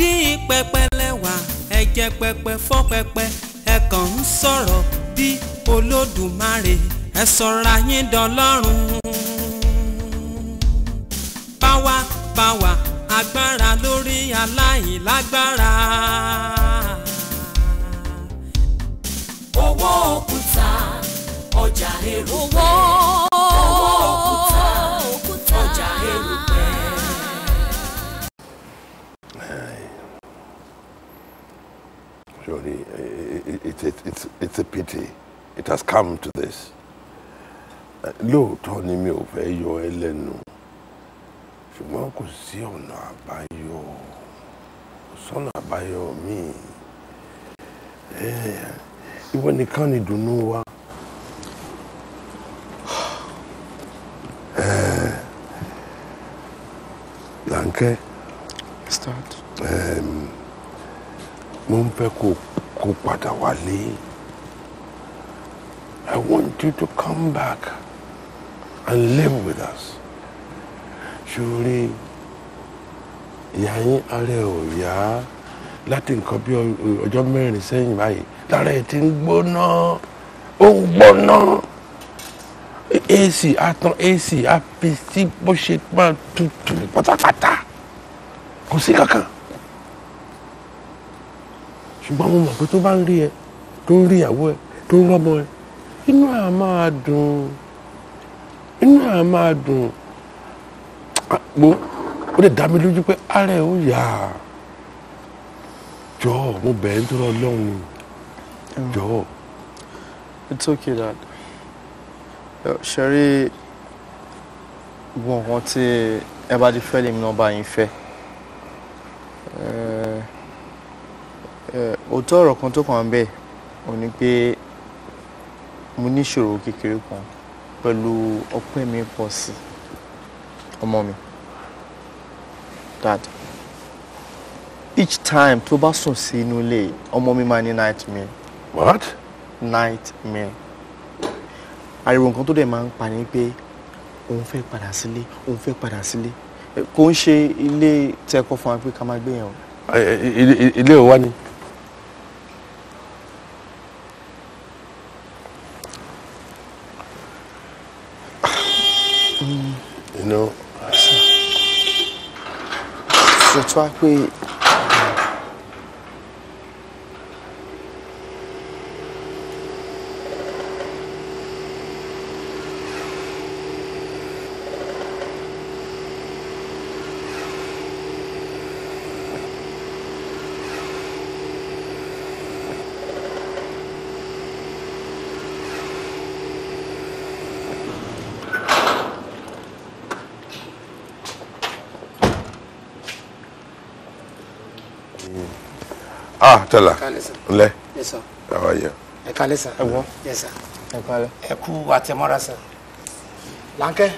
dín pẹpẹ lẹ́wà ẹ̀jẹ̀ pẹpẹ fọ́ pẹpẹ ẹ kàn ń sọ̀rọ̀ bí olódùmarè ẹ sọ̀ra yín dọlọ́run. báwa báwa agbára lórí aláìlágbára. owó òkúta ọjà èrò pẹ́. it's, it's, it's, a pity it has come to this lóòótọ́ ni mi ò fẹ́ yọ ẹ lẹ́nu ṣùgbọ́n kò sí ọ̀nà àbáyọ kò sọ́nà àbáyọ míì ìwọ nìkan ni dùnnú wa Láńkẹ́ mo ń fẹ́ kó kó padà wálé. I want you to come back and live with us. Ṣorí ìyá yín ara ẹ̀ ò yá láti nǹkan bí ọjọ́ mẹ́rin sẹ́yìn báyìí lára ẹ̀ ti ń gbóná ó ń gbóná ac atan ac apc bó ṣe máa tutù pátápátá kò sí kankan ṣùgbọ́n mo mọ̀ pé tó bá ń rí ẹ tó ń rí ìyàwó ẹ tó ń rọ́mọ ẹ inú à máa dùn inú à máa dùn àpò ah, ó lè dá mi lójú pé ara ẹ ó yà á jọ mo bẹ̀ ẹ́ nítorí ọlọ́run jọ. it's okay dad ṣeré gbọ̀ngàn tí ẹ bá ti fẹ́ lèmi náà bá yín fẹ́ òótọ́ ọ̀rọ̀ kan tó kàn ń ò ní pé mo níṣòro kékeré kan pẹ̀lú ọpẹ́ mi pọ̀ sí ọmọ mi dad each time tó bá sùn sí inú ilé ọmọ mi máa ní nightmare. what? nightmare. ariwo nǹkan tó dẹ̀ máa ń pa ni pé òun fẹ́ padà sílé òun fẹ́ padà sílé kò ń ṣe ilé tẹ́kọ̀ fún wa pé ká máa gbé yẹn o. ilé ò wá ni. Mm. you know so tó wá ah tẹ́lá ńlẹ́ àwọn yẹn. ẹ kalẹ sàn ẹ gbọ́ ẹ kalẹ. ẹ kú àtẹmọ́ra sàn láńkẹ́.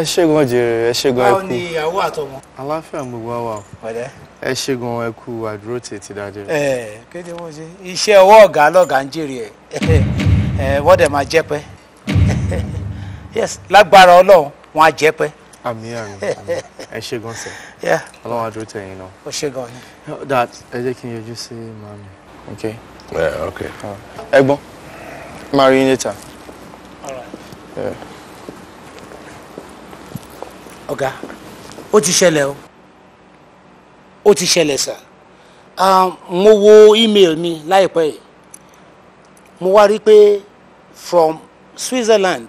ẹ ṣẹ́gun ọ̀jẹ̀rẹ̀ ẹ ṣẹ́gun ẹ̀kú. báwo ni ìyàwó àtọmọ. aláfíà gbogbo wa o. pẹ̀lẹ́. ẹ ṣẹ́gun ẹ̀kú àdúró tètè dájẹ́. ẹ kéde wọ́n ṣe iṣẹ́ ọwọ́ ọ̀gá lọ́gàá ń jèrè ẹ̀ ẹ̀ wọ́n dẹ̀ máa jẹ́ pẹ́ yes lágbára ọlọ́run wọn á jẹ́ pẹ́. àmì àmì ẹ ṣẹ́gun sẹ́ ọlọ́run á dúró tẹ̀yìn you know. ṣe gan ni. dad ẹ jẹ́ kí n yọjú sí màmí. ok. yeah ok. ẹ̀gbọ́n máa rí yín later. ọ̀gá ó ti ṣẹlẹ̀ o ó ti ṣẹlẹ̀ sà um, mo wo email mi láìpẹ́ yìí mo wá rí pé from Switzerland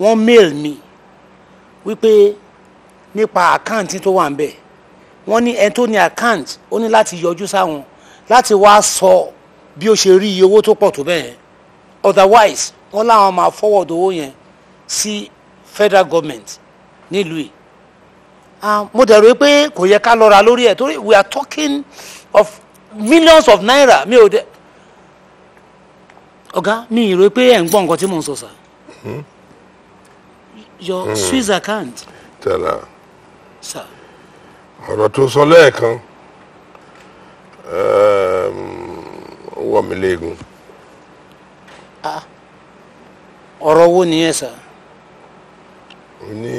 wọ́n mail mi wípé nípa àkáǹtì tó wà ń bẹ́ẹ̀ wọ́n ní ẹni tó ní account ó ní láti yọjú sáwọn láti wá sọ bí ó ṣe rí iye owó tó pọ̀ tó bẹ́ẹ̀ otherwise wọ́n láwọn máa forward owó yẹn sí federal government nílùú yìí mo dẹ̀rọ pé kò yẹ ká lọ́ra lórí ẹ̀ torí we are talking of millions of naira mi ò dẹ ọ̀gá mi ì rò pé ẹ̀ ń gbọ́ nǹkan tí mò ń sọ sà hmm? your mm. Swiss account. Tell Sir ọ̀rọ̀ tó sọ lẹ́ẹ̀kan ehm, wọ̀ mí léegun. ọ̀rọ̀ wo nìyẹn sà. o ní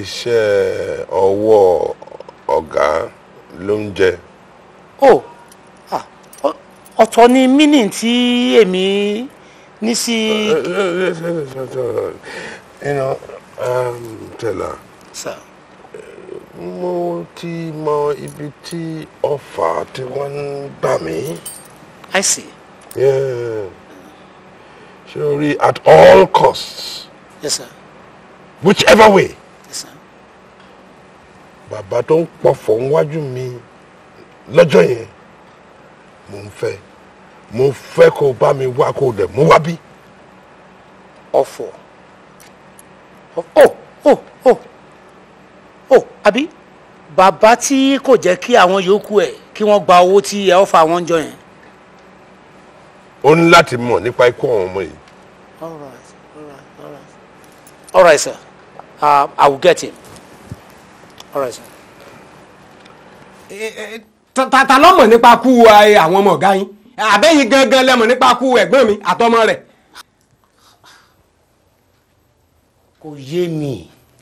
iṣẹ́ ọwọ́ ọ̀gá ló ń jẹ. o ọ̀tọ̀ ni mínì tí èmi ní sí. Eh, eh, eh, you know, um, tell her. Sir mo ti mọ ibi tí ọfà tí wọ́n ń gbà mí. I see. Yeah. Surely at all costs. Yes, sir. Whichever way. Yes, sir. Bàbá tó ń pọ̀fọ̀ níwájú mi lọ́jọ́ yẹn mo ń fẹ́ mo fẹ́ kó bá mi wá kó dẹ̀ mú wá bí. ọ̀fọ̀ ọ̀ ọ̀. Oh, oh o àbí bàbá tí kò jẹ́ kí àwọn yòókù ẹ̀ kí wọ́n gba owó tí ẹ ọ́fà wọn jọ yẹn. ó ní láti mọ̀ nípa ikú àwọn ọmọ yìí. all right all right all right all right sir uh, i will get him all right sir. tata eh, eh, ló mọ̀ nípa kú eh, àwọn ọmọ ọ̀gá yín àbẹ́yìn gangan lẹ́mọ̀ nípa kú ẹ̀gbọ́n mi àtọmọ rẹ̀. kò yé mi.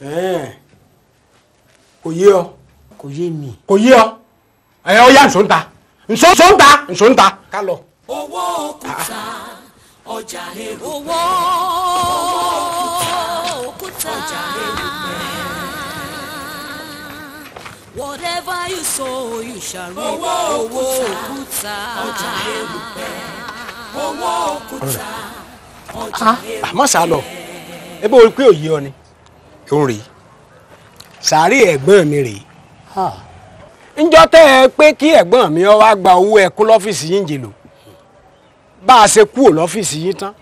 Eh kò yé ọ. kò yé mi. kò yé ọ ẹ ọ yá nsọ nta nsọ nsọ nta nsọ nta ká lọ. owó òkúta ọjà èrò owó òkúta ọjà èrò whatever you sow you shall reap owó òkúta ọjà èrò owó òkúta ọjà èrò. Ah, àmọ́ sá lọ ẹ bá wọlé pé òye ọ ni òun rèé. sàárè ẹ̀gbọ́n mi rèé ǹjọ́ tẹ́ ẹ pé kí ẹ̀gbọ́n mi ọ wá gba owó ẹ kó lọ́fíìsì yín jè bá a ṣe kúrò lọ́fíìsì yín tán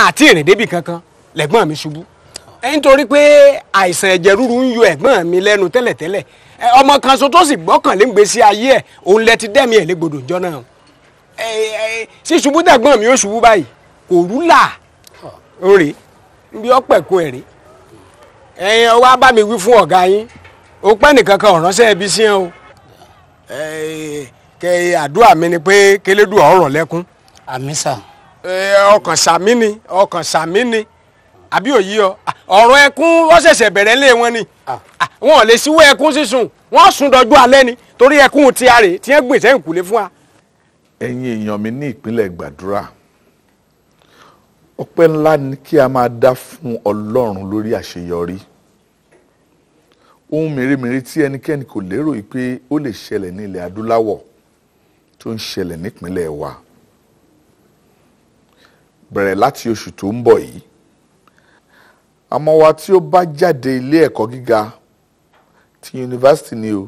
àti ìrìn débì kankan lẹ́gbọ́n mi ṣubú nítorí pé àìsàn ẹ̀jẹ̀ ríru ń yọ ẹ̀gbọ́n mi lẹ́nu tẹ́lẹ̀tẹ́lẹ̀ ọmọ kan so tó sì gbọ́kànlé gbèsè ayé ẹ̀ òun lẹ ti dẹ́mi ẹ̀ légbodò ǹjọ́ náà sí ṣubú tẹ̀gbọ́n mi ó ṣubú báyìí kò rúlà ó rèé ń bí ọ́ pẹ̀kú ẹ̀ rèé ẹ̀yin ọwọ́ á bá mi wí fún ọ̀gá yín ó pẹ́ nìkan kan ọ̀ránṣẹ́ ibi sí ẹ o kẹ àdúrà mi ni pé kélédùà ọ̀rọ̀ lẹ́kún. àmín sà. ọkàn sàmí ni ọkàn sàmí ni àbí òyì ọ ọ̀rọ̀ ẹkún wọ́n ṣẹ̀ṣẹ̀ bẹ̀rẹ̀ lé wọn ni ah. Ah, wọn ò lè síwọ́ ẹkún sísun wọ́n sùn dọjú alẹ́ ni torí ẹkún ti àrè tí wọ́n gbèsè ìkúlé fún wa. ẹ̀yin èèyàn mi ní ìpínlẹ̀ gbàdúrà ọpẹ́ ńlá ni kí a máa dá fún ọlọ́run lórí àṣeyọrí ohun mèremère tí ẹnikẹ́ni kò lérò yìí pé ó lè ṣẹlẹ̀ ní ilẹ̀ adúláwọ̀ tó ń ṣẹlẹ̀ nípínlẹ̀ wa bẹ̀rẹ̀ láti oṣù tó ń bọ̀ yìí ọmọ wa tí ó bá jáde ilé ẹ̀kọ́ gíga ti yunifásitì ni o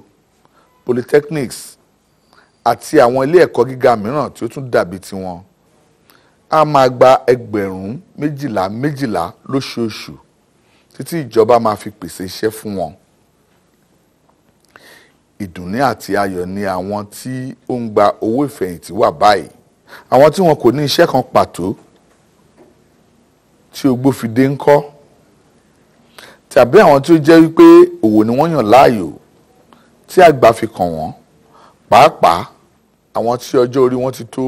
polytechnics àti àwọn ilé ẹ̀kọ́ gíga mìíràn tí ó tún dàbí tiwọn a máa gba ẹgbẹ̀rún méjìlá méjìlá lóṣooṣù títí ìjọba máa fi pèsè iṣẹ́ fún wọn ìdùnnú àti ayọ̀ ni àwọn tí ó ń gba owó ìfẹ̀yìntì wà báyìí àwọn tí wọn kò ní iṣẹ́ kan pàtó tí ogbó fi dé ń kọ́ tàbí àwọn tí ó jẹ́ wípé òwò ni wọ́n yàn láàyò tí àgbà fi kàn wọ́n pàápàá àwọn tí ọjọ́ orí wọn ti tó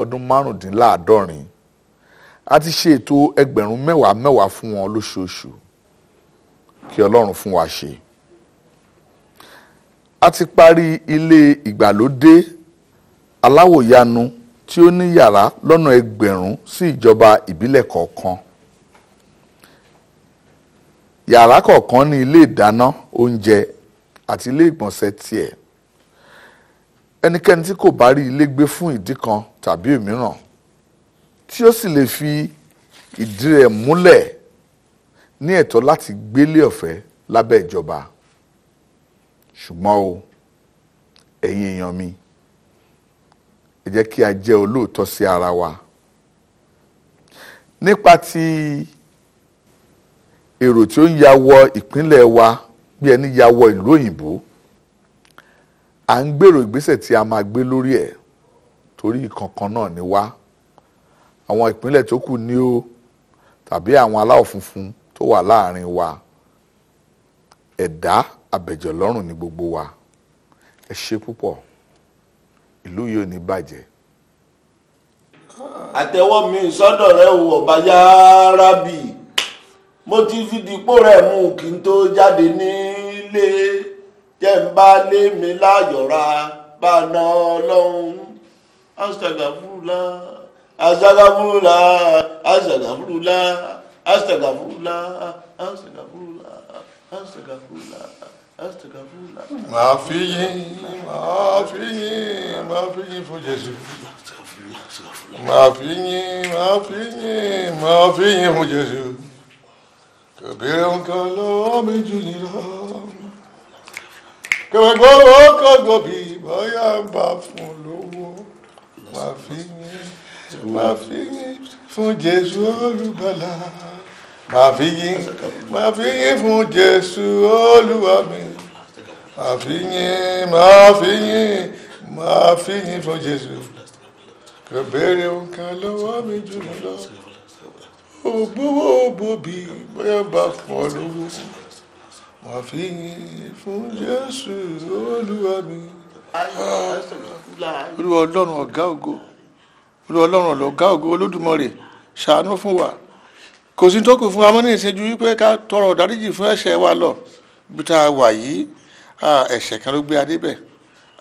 ọdún márùndínláàádọ́rin a ti ṣe ètò ẹgbẹ̀rún mẹ́wàá mẹ́wàá fún wọn lóṣooṣù kí Ọlọ́run fún wa ṣe a ti parí ilé ìgbàlódé aláwòyanu tí ó ní yàrá lọ́nà ẹgbẹ̀rún sí ìjọba ìbílẹ̀ kọ̀ọ̀kan yàrá kọ̀ọ̀kan ní ilé ìdáná oúnjẹ àti ilé ìgbọ̀nsẹ̀ tiẹ̀ ẹnikẹ́ni tí kò bá rí ilé gbé fún ìdí kan tàbí òmíràn tí ó sì lè fi ìdí rẹ̀ múlẹ̀ ní ẹ̀tọ́ láti gbélé ọ̀fẹ́ lábẹ́ ìjọba ṣùgbọ́n o ẹ̀yin èèyàn mi ẹ jẹ́ kí a jẹ́ olóòótọ́ sí ara wa nípa ti èrò tí ó ń ya wọ ìpínlẹ̀ wa bí ẹni ya wọ ìlú òyìnbó à ń gbèrò ìgbésẹ̀ tí a máa gbé lórí ẹ̀ torí kankan náà ni wá àwọn ìpínlẹ̀ tó kù ní o tàbí àwọn aláwọ̀ funfun tó wà láàrin wa ẹ̀dá. E lọrụn ni gbogbo wa ẹ ṣe púpọ̀ ìlú yìí ò ní bàjẹ́. mi sọ́dọ̀ rẹ̀ wò ọ̀bá yára mo ti fi mú kí n tó jáde nílé jẹ́ n bá lé mi láyọ̀ra bá na ọlọ́run Ma fi yín màá fi yín màá fi yín fún Jésù màá fi yín màá fi yín màá fi yín fún Jésù kò béèrè nǹkan lọ́wọ́ mi jù yín lọ kẹ̀mẹ̀gbọ́n ó kọ́ gbòbí bóyá ń bá fún lówó màá fi yín màá fi yín fún Jésù olùgbàlà màá fi yín màá fi yín fún Jésù Olúwa mi màá fi yín màá fi yín màá fi yín fún Jésù kò béèrè nǹkan lọ́wọ́ mi jù mí lọ ògbówó ògbóbi bóyá bá fún ọ lówó màá fi yín fún Jésù Olúwa mi olúwa ọlọ́run ọ̀gá ògo olúwa ọlọ́run ọ̀gá ògo olódùmarè ṣàánú fún wa kò sí tó kù fún wa mọ́ ní ìṣẹ́jú wípé ká tọrọ ìdáríjì fún ẹ̀ṣẹ̀ wa lọ bí tá a wà yìí ẹ̀ṣẹ̀ kan ló gbé adé bẹ̀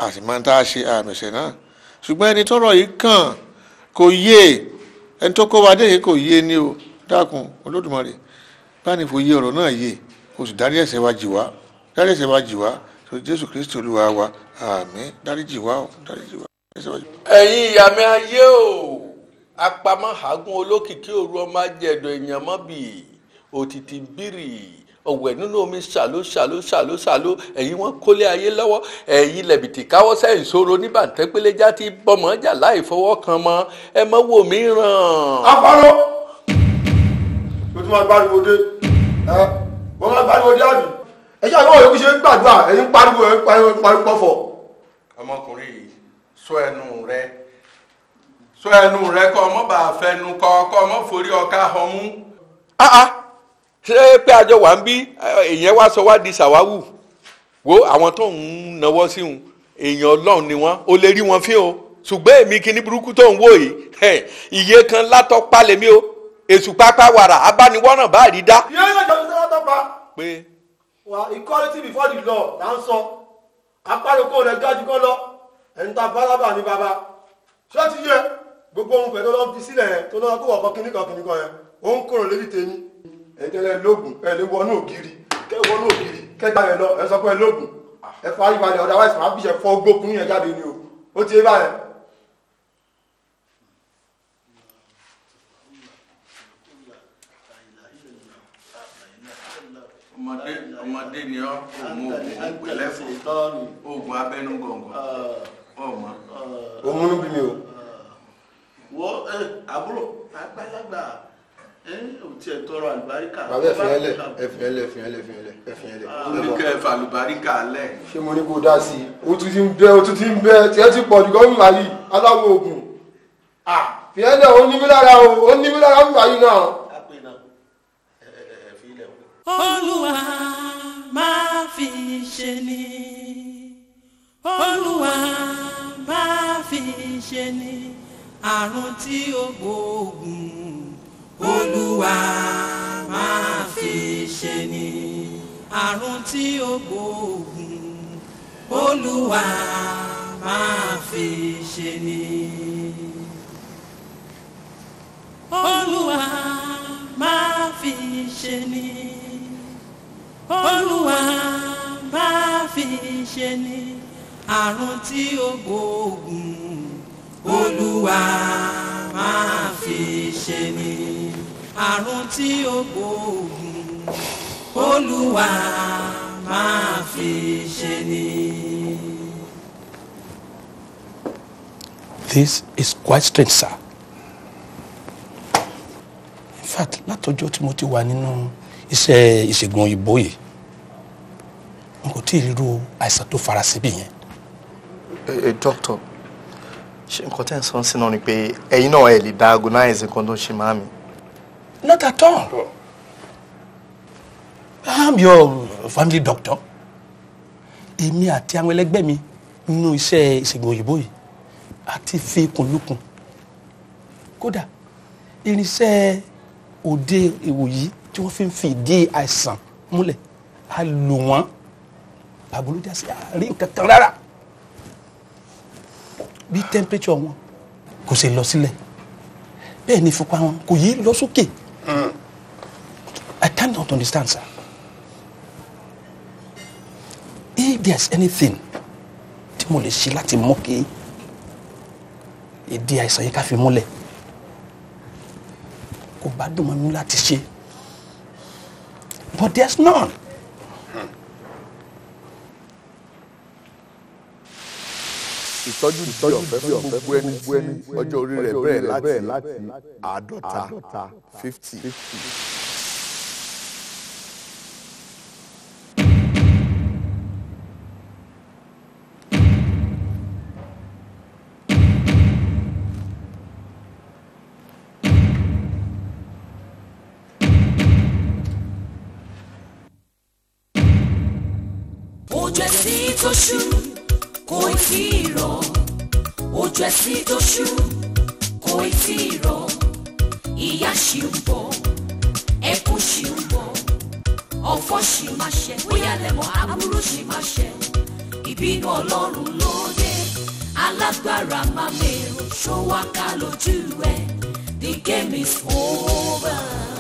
àti máa ń tá a ṣe àmì ẹ̀ṣẹ̀ náà ṣùgbọ́n ẹni tọrọ yìí kàn kò yé ẹni tó kó wa dé yìí kò yé ni o dákun olódùmarè báni fò yé ọ̀rọ̀ náà yé o sì dárí ẹ̀ṣẹ̀ wa jì wá dárí ẹ̀ṣẹ̀ wa jì wá tó Jésù Kristi olúwa wa àmín dáríjì wá o dáríjì wá ẹ̀yin ìyá ayé o apamọ́ àágùn olókìkí òru ọmọ ajẹ̀dọ̀ èèyàn mọ́ bì òtítì bírì ọ̀wẹ̀ nínú omi ṣàló ṣàló ṣàló ṣàló ẹ̀yin wọn kólé ayé lọ́wọ́ ẹ̀yin lẹ̀bìtì káwọ́ sẹ́yìn sóró ní bàǹtẹ́pẹ́lẹ́já ti bọ́mọ jà láì fọwọ́ kan mọ́ ẹ mọ́ wò mí ràn. afáró ló tún máa pariwo dé ẹ wọ́n máa pariwo dé àbí ẹ ṣáà lọ́wọ́ yòókù ṣe ń gbàdúrà ẹ̀yin pariwo ẹ̀ ń pariwo pọ̀fọ̀. ọmọkùnrin yìí sọ ẹnu rẹ sọ ẹnu rẹ kọ ọmọ bá fẹnu kọ kọ ọmọ forí ọká ọmú. Ah, ah. ṣé pé àjọ wà ń bí èèyàn wá sọ wá di ṣàwáwù wo àwọn tó ń náwó sí wọn èèyàn ọlọ́run ni wọ́n ó lè rí wọn fín o ṣùgbọ́n èmi kíní burúkú tó ń wò yìí iye kan látọ́pá lèmi o èṣù pápá wàrà abániwọ́nà bá rí dá. yóò yóò jọ sọ́wọ́ tọ́pa. pé. wà equality before the law là ń sọ apá lóko rẹ̀ gájú kọ́ lọ ẹ̀ ń ta bálábà ní baba ṣé ti yẹ. gbogbo ohun pẹ̀lú ọlọ́run fi sílẹ̀ yẹn tó lọ́wọ́ kó wà kọ́ kíníkan kíníkan yẹn ó ń kúrò lórí tèmi ẹ̀jẹ̀lẹ̀ lóògùn lè wọnú ògiri kẹ́ wọnú ògiri kẹ́ gbà yẹn lọ ẹ sọ pé lóògùn ah. ọ̀dà gbókun yẹn jáde ni o ó ti bá yẹn. ọmọdé ọmọdé wọ ẹ eh, àbúrò àgbàlagbà ẹ ò tiẹ̀ tọrọ àlùbáríkà. bàbá ẹfìyẹlẹ ẹfìyẹlẹ ẹfìyẹlẹ ẹfìyẹlẹ ẹfìyẹlẹ. oníkẹ́ ẹ̀fà àlùbáríkà lẹ̀. ṣé mo ní kó dá sí i o tún ti ń bẹ o tún ti ń bẹ tiẹ̀ ti pọ̀ jù lọ́rùn láyé aláwọ̀ oògùn fìyẹlẹ ó ní mí lára o ó ní mí lára ń láyé náà. máa fi ṣe ni olúwa máa fi ṣe ni àrùn tí ó gbóògùn olúwa máa fi ṣe ni àrùn tí ó gbóògùn olúwa máa fi ṣe ni olúwa máa fi ṣe ni olúwa máa fi ṣe ni àrùn tí ó gbóògùn olúwa máa fi ṣe mí àrùn tí ó gbóògùn olúwa máa fi ṣe mí. This is quite strange, sir. In fact, látọjọ́ tí mo ti wà nínú iṣẹ́ ìṣègùn òyìnbó yìí n kò tí ì rí irú àìsàn tó farasin bí yẹn. ẹ ẹ ṣe nǹkan tẹ́ ń sọ sí náà ni pé ẹ̀yin náà ẹ̀ lè diagnose nǹkan tó ń ṣe màmí. not at all i'm your family doctor èmi àti àwọn ẹlẹgbẹ́ mi nínú iṣẹ́ ìṣègùn òyìnbó yìí àti fi kùnlùkùn kódà irinṣẹ́ òde ìwòyí tí wọ́n fi ń fi ìdí àìsàn múlẹ̀ a lò wọ́n bàbá olójà sí àárín kankan rárá bí temperature wọn kò sì lọ sílẹ̀ bẹ́ẹ̀ ni ìfúnpá wọn kò yí lọ sókè I cannot understand sir if there's anything tí mo lè ṣe láti mú kí ìdí àìsàn yìí ká fi múlẹ̀ kò bá dùn mọ́ mi láti ṣe but there's none. ìtọ́jú tí ọ̀fẹ́ fún gbogbo ẹni ọjọ́ orí rẹ̀ bẹ̀rẹ̀ láti àádọ́ta fifty. ojú ẹsìn tó ṣú kò tí ì rọ̀ ojú ẹ̀ sí dóṣù kò tí ì rọ̀ ìyà ṣì ń bọ̀ ẹkún ṣì ń bọ̀ ọ̀fọ̀ ṣì máa ṣẹ bóyá lẹ́mọ̀ aburú ṣì máa ṣẹ ìbínú ọlọ́run lóde alágbára máa mèrò ṣó wá ká the game is over.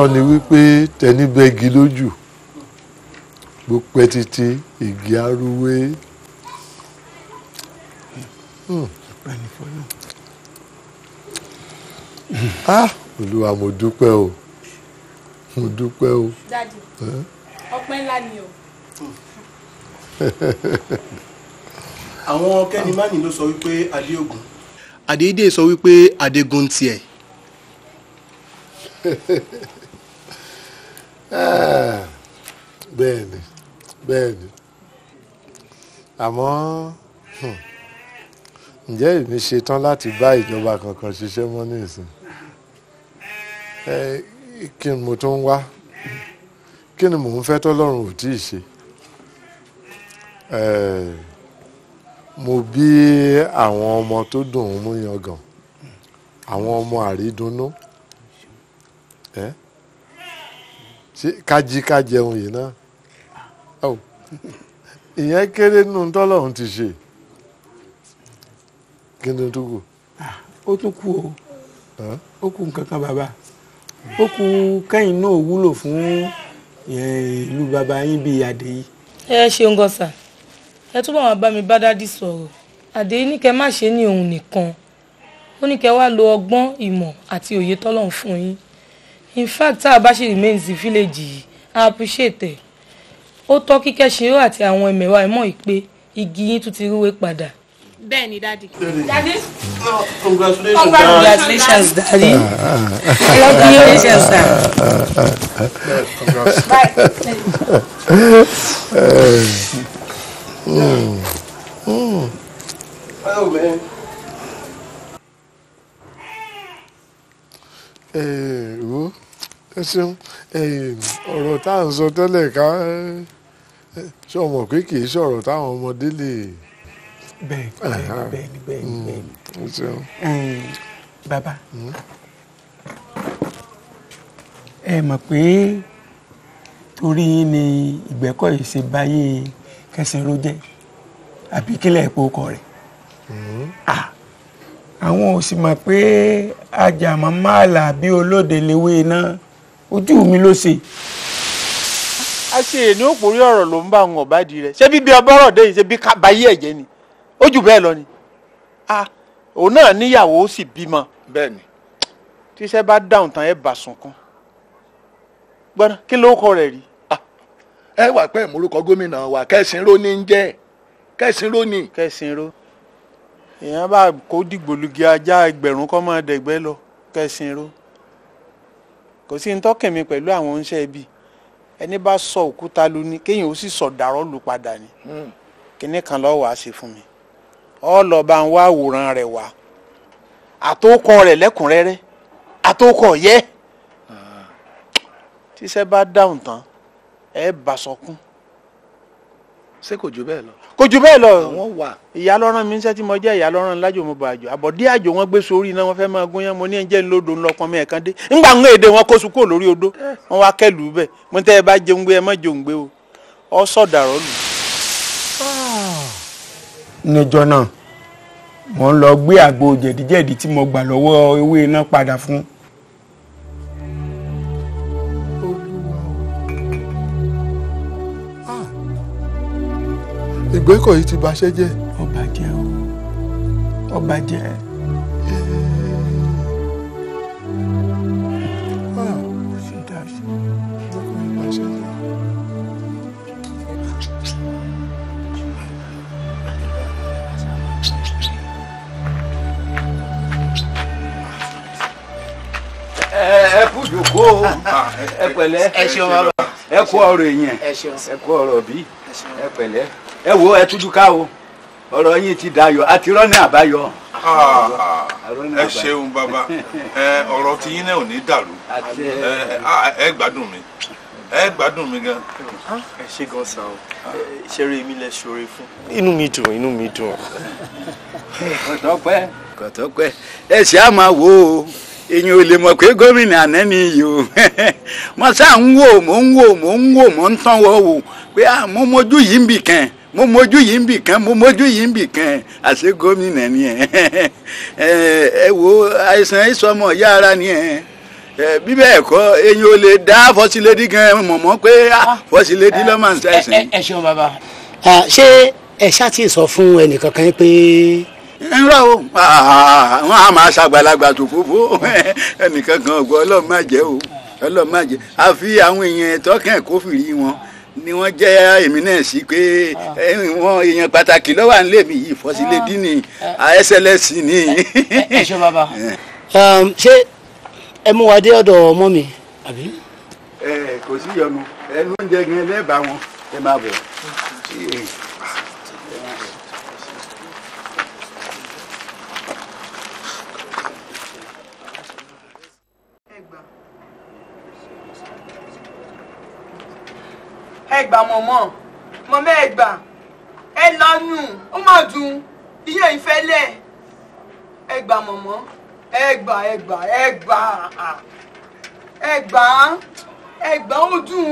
òótọ́ ni wípé tẹni bẹ́gi lójú bó pẹ́ títí igi arúwé. Hmm. Ah, olúwa mo dúpẹ́ o mo dúpẹ́ o. dádì ọpẹ́ ńlá ni o. àwọn kẹ́nìmánì ló sọ wípé adéògùn. àdéédé sọ wípé adégún tiẹ̀. Ah, bẹ́ẹ̀ni bẹ́ẹ̀ni àmọ́ hmm, ǹjẹ́ èmi ṣetán láti bá ìjọba kankan ṣiṣẹ́ mọ́ ní ìsìn kí ni mo tún ń wá kí ni mò ń fẹ́ tọ́lọ́run ò tíì ṣe mo bí àwọn ọmọ tó dùn ún mú yangàn àwọn ọmọ àrídùnnú. No? ká jí ká jẹun yìí ná ìyẹn kéré nínú tọ́lọ́run ti ṣe kí ni tó kù. ó tún kù o ó kù nǹkan kan bàbá ó kù kẹ́yìn náà wúlò fún ìlú bàbá yín bíi àdé yìí. ẹ ṣeun gọ́sà ẹ túbọ̀ wọn bá mi bá dádì sọ̀rọ̀ àdé ní kẹ́ má ṣe ní òun nìkan ó ní kẹ́ wá lo ọgbọ́n ìmọ̀ àti òye tọ́lọ́run fún yín in fact tá a bá ṣe remain sí fílẹ̀jì yìí i appreciate ẹ̀ ó tọ́ kíkẹ́ ṣeré àti àwọn ẹ̀mẹ̀wá ẹ̀ mọ̀ igi yín tún ti rúwé padà. bẹ́ẹ̀ ni dadi. dadi. No, congratulations, congratulations congratulations dadi. congratulations dadi. Bye. Mm. Mm. Oh, man. Eh, wo ẹ ṣeun eh, ọ̀rọ̀ tá à ń sọ tẹ́lẹ̀ ká eh, ṣé ọmọ pé kì í ṣọ̀rọ̀ táwọn ọmọdé lè. bẹ́ẹ̀ni bẹ́ẹ̀ni bẹ́ẹ̀ni hmm, bẹ́ẹ̀ni. ẹ ṣeun. bàbá hmm. ẹ mọ̀ pé torí ni ìgbẹ́kọ̀ yìí ṣe báyé kẹsàn-án ló jẹ́ àbí kílẹ̀ èpo kọ rẹ̀. Hmm. Ah, àwọn ò sì mọ̀ pé ajàmọ́ máa là bí olóde lewé iná ojú mi ló ṣe. a ṣe èní òpórí ọ̀rọ̀ ló ń bá àwọn ọ̀bádì rẹ̀ ṣé bíbí ọbọ̀rọ̀ dé yìí ṣe bí bayé ẹ̀jẹ̀ ni ó jù bẹ́ẹ̀ lọ ni òun náà níyàwó ó sì bímọ. bẹ́ẹ̀ni. tíṣẹ́ bá dáhùn tán ẹ bà sunkún gbọ́dọ̀ kí ló kọ rẹ̀ rí. ẹ wà pé ìmúrúkọ gómìnà wa kẹsìnró ní í jẹ́ kẹsìnró ni. kẹsìnró èèyàn bá kó dìgbòlugi ajá ẹgbẹ̀rún kọ́ máa dẹ̀gbẹ́ lọ kẹsìn ro kò sí ní tọ́kàn mi pẹ̀lú àwọn oníṣẹ́ ibi ẹni bá sọ òkúta lu ni kéèyàn ó sì sọ dàrọ́ lu padà ni hmm. kíní kan lọ́wọ́ á ṣe fún mi ọlọ́ba ń wá àwòrán rẹ̀ wá àtòkọ rẹ̀ lẹ́kùnrẹ́rẹ́ àtòkọ yẹ tíṣẹ́ bá dáhùn tán ẹ bá sọkún ṣé kò jù bẹ́ẹ̀ lọ. kò bẹ́ẹ̀ lọ wọ́n wà ìyá lọ́rán mi ń sẹ́tí mo jẹ́ ìyá lọ́rán lájò mo bàjọ́ àbọ̀dí àjò wọn gbé sórí iná wọn fẹ́ máa gún yẹn mo ní ẹ̀jẹ̀ ńlọdọ̀ ńlọpọ̀ mi ẹ̀kan dé ńgbà ń èdè wọn kó su lórí odó wọn mo ẹ bá jẹun gbé ẹ má o ọ lù. níjọ náà ń lọ gbé àgbo tí mo gbà lọwọ ewé iná padà fún ìgbẹ́kọ̀ yìí ti baṣẹ́ jẹ́. ọba jẹ́ o ọba jẹ́. ẹ kú jòkó ẹ pẹ̀lẹ́ ẹ kú ọ̀rọ̀ yẹn ẹ kú ọ̀rọ̀ bí ẹ pẹ̀lẹ́. ẹ wo ẹ tújú ká o ọ̀rọ̀ ti dayọ̀ àti ní àbáyọ. Ah, ẹ ṣeun bàbá ọrọ tí yín náà ò ní dàrú ẹ gbádùn mi ẹ gbádùn mi gan. ẹ ṣe gan sa o ṣeré mi lẹ ṣoore fún. inú mi dùn inú mi dùn. kọ̀tọ́pẹ́ ẹ ṣe á máa wò ó ò lè pé gómìnà àná ni yìí o ṣáà ń wò mò ń wò mò ń wò mò ń tán wò pé yìí ń bì mo mójú yìí ń bì kan mo mójú yìí ń bì kan àṣé gómìnà ni ẹ ẹ wo àìsàn ìsọmọ ìyá ara ni ẹ bí bẹ́ẹ̀ kọ́ eyín o lè dá fọ́sílédì gan mọ̀mọ́ pé ah, ah, fọ́sílédì lọ́mọ ń sẹ́sìn. ẹ ẹ ṣeun bàbá. ṣé ẹ ṣáà ti sọ fún ẹnìkankan pé nrọ o wọn a máa ṣàgbàlagbà tó fúfú ẹnìkan kan ọgbọ ọlọ́run má jẹ o ọlọ́run má jẹ àfi àwọn èèyàn tọkàn kófìrí wọn ni wọ́n jẹ́ èmi náà sí pé ah. eh, wọ́n èèyàn pàtàkì lọ́wọ́ à ń lè mí yìí fọ́sílẹ̀ ah. dín ní eh. ah, sls ní. ẹ ṣe bàbá eh. um, ṣé ẹ mú wa dé ọ̀dọ̀ ọmọ mi àbí. ẹ kò sí yọnu ẹnu oúnjẹ gan lẹ́ẹ̀bà wọn ẹ máa bọ̀. ẹgbà mọ̀mọ́ mọ̀mọ́ ẹgbà ẹ lọ́nù ó mà dùn iye ìfẹ́lẹ̀ ẹgbà mọ̀mọ́ ẹgbà ẹgbà ẹgbà ẹgbà ẹgbà ó dùn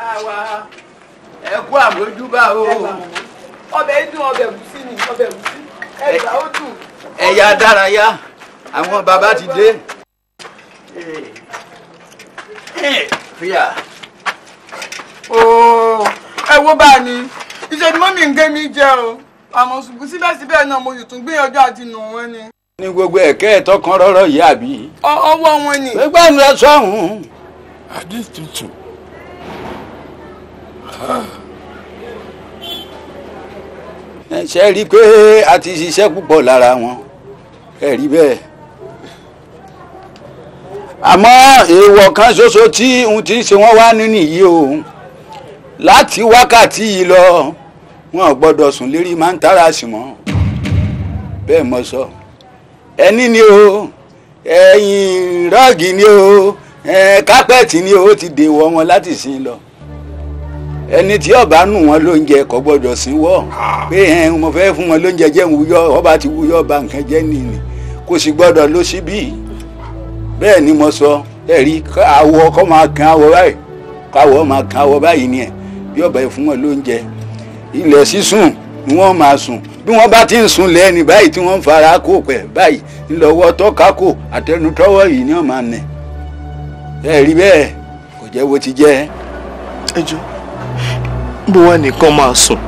yàrá ẹ kú àmójúbà o ọbẹ̀ dùn ọbẹ̀ ẹ̀gúsí ni ọbẹ̀ ẹ̀gúsí ẹgbà ó dùn. ẹ̀yà dárayá àwọn bàbá ti dé. Hey. Hey. Fia. Oh, ẹ wo bá a ní iṣẹ́ ni mọ́mí ń gé mi jẹ́ o àmọ́ ṣùgbọ́n síbẹ̀síbẹ̀ náà mo sì tún gbìyànjú àti nù wọ́n ni. ní gbogbo ẹ̀kẹ́ ẹ̀tọ́ kan rọ́rọ́ yìí àbí. ọwọ́ wọn ni. gbígbà ń lọ sọ́hùn. adé tutù. ẹ ṣe rí i pé a ti ṣiṣẹ́ púpọ̀ lára wọn ẹ rí bẹ́ẹ̀ àmọ́ èèwọ̀ kan ṣoṣo tí n ti ṣe wọ́n wá nínú ìyí o láti wákàtí yìí lọ wọn ò gbọ́dọ̀ sùn lérí máa ń tara sí mọ́ bẹ́ẹ̀ mo sọ ẹni ni o ẹ̀yìn rọ́ọ̀gì ni o kápẹ́ẹ̀tì ni o ti dèwọ̀ wọn láti sìn lọ ẹni tí ọba nù wọn lóúnjẹ kò gbọ́dọ̀ sìn wọ pé mo fẹ́ fún wọn lóúnjẹ jẹ́ wúyọ ọba ti wúyọ ọba nǹkan jẹ́ nìyí kò sì gbọ́dọ̀ lọ síbí bẹ́ẹ̀ ni mo sọ ẹ̀rí káwọ kọ́ máa kan àwọ̀ báyìí káwọ máa kan àwọ̀ báyìí ni ẹ̀ bí ọba ìfún wọn lóúnjẹ ilẹ̀ sísùn ni wọ́n máa sùn bí wọ́n bá ti ń sùn lẹ́ni báyìí tí wọ́n ń fara kó pẹ̀ báyìí ńlọ́wọ́ tọ́kákò àtẹnutọ́wọ́ yìí ni wọ́n máa nẹ̀ ẹ rí bẹ́ẹ̀ kò jẹ́ wo ti jẹ́. ẹ jọ bó wà nìkan máa sùn.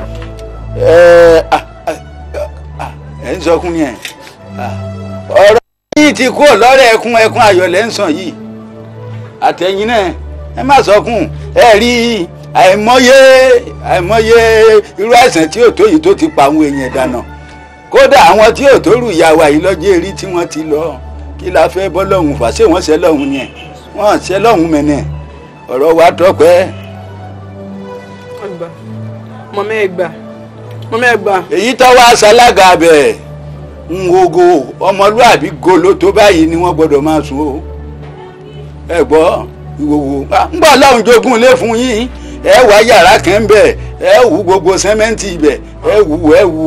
ẹ ẹ ń sọkún ni ẹ ọ̀rọ̀ yìí ti kú lọ́rẹ̀ ẹkún ẹkún ayọ̀ lẹ́ńsàn yìí àtẹ̀yìn náà ẹ má sọkún ẹ rí i àìmọye àìmọye irú àìsàn tí ò tó yìí tó ti pa àwọn èèyàn dànù kódà àwọn tí ò tó rù ìyàwó yìí lọ́jọ́ erí tí wọ́n ti lọ kí la fẹ́ bọ́ lọ́hùn fà ṣé wọ́n ṣe lọ́hùn yẹn wọ́n ṣe lọ́hùn mẹ́nẹ̀ ọ̀rọ̀ wa tọ́pẹ́. mọ̀mẹ́ ẹgbà mọ̀mẹ́ ẹgbà. èyí tó wá ṣalága bẹ̀ ń wogo golo tó báyìí ni wọ́n gbọ́dọ̀ máa sùn o ẹ gbọ́ ìwòwò ń gbọ́ ọlọ́run lé fún yín ẹ wá yàrá kan bẹ̀ ẹ wú gbogbo sẹ́mẹ́ǹtì ibẹ̀ ẹ wú ẹ wú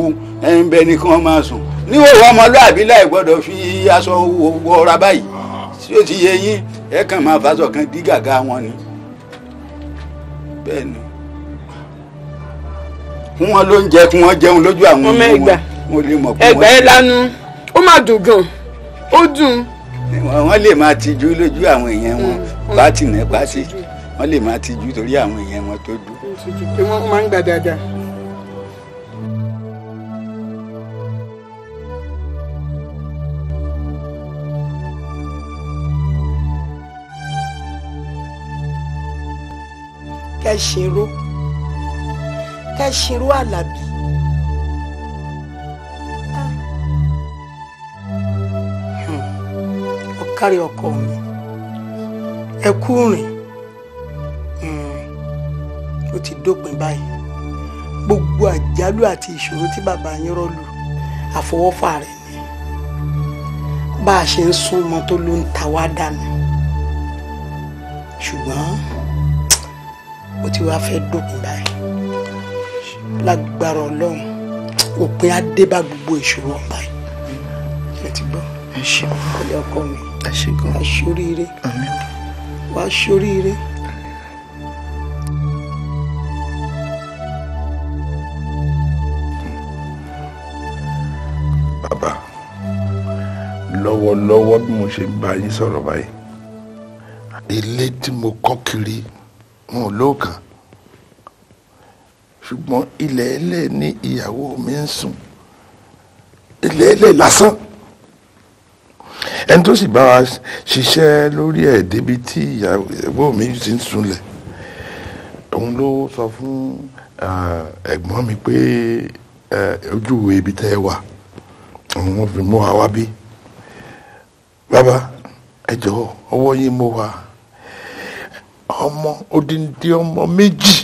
ẹ ń bẹ nìkan máa sùn níwòwò ọmọlúàbí láì gbọ́dọ̀ fi aṣọ wọra báyìí tí ó ti yẹ yín ẹ kàn máa fàṣọ kan dí gàgà wọn ni bẹ́ẹ̀ ni fún wọn ló ń jẹ fún wọn jẹun lójú àwọn ọmọ ẹgbà wọn lè mọ fún wọn. ẹgbà ẹ lanu ó máa dùn gan ó dùn. wọn lè máa tijú lójú àwọn èèyàn wọn pátì náà pátì wọ́n lè máa tijú torí àwọn èèyàn wọn tó dùn. tí wọ́n máa ń gbà dáadáa. kẹ́ṣeró kẹ́ṣeró àlàbí. ọ̀kárí ah. hmm. ọkọ mi ẹ kú rìn ó ti dópin báyìí gbogbo àjálù àti ìṣòro tí bàbá yín rọ́ọ̀lù àfọwọ́fà rẹ̀ ni bá a ṣe ń súnmọ́ tó ló ń ta wá dànù ṣùgbọ́n ó ti wá fẹ́ dópin báyìí lágbára ọlọ́run òpin á bá gbogbo ìṣòro ọ̀pá yìí ẹ ti gbọ́ ẹ ṣe ọkọ mi ẹ ṣe gan ẹ ṣoríire wàá ṣoríire. lọ́wọ́ bí mo ṣe ń bá yín sọ̀rọ̀ báyìí. ilé tí mo kọ́ kiri wọn ò lóòkàn ṣùgbọ́n ilẹ̀ ẹlẹ́ ní ìyàwó mi ń sùn ilẹ̀ ẹlẹ́ lásán ẹni tó sì bá wa ṣiṣẹ́ lórí ẹ̀ débi tí ìyàwó mi ti ń sunlẹ̀ òun ló sọ fún ẹ̀gbọ́n mi pé ojú ibi tẹ́ ẹ wà òun fi mú wa wá bí. Baba, ẹ jọ̀wọ́ ọwọ́ yín mo wà ọmọ odindi ọmọ méjì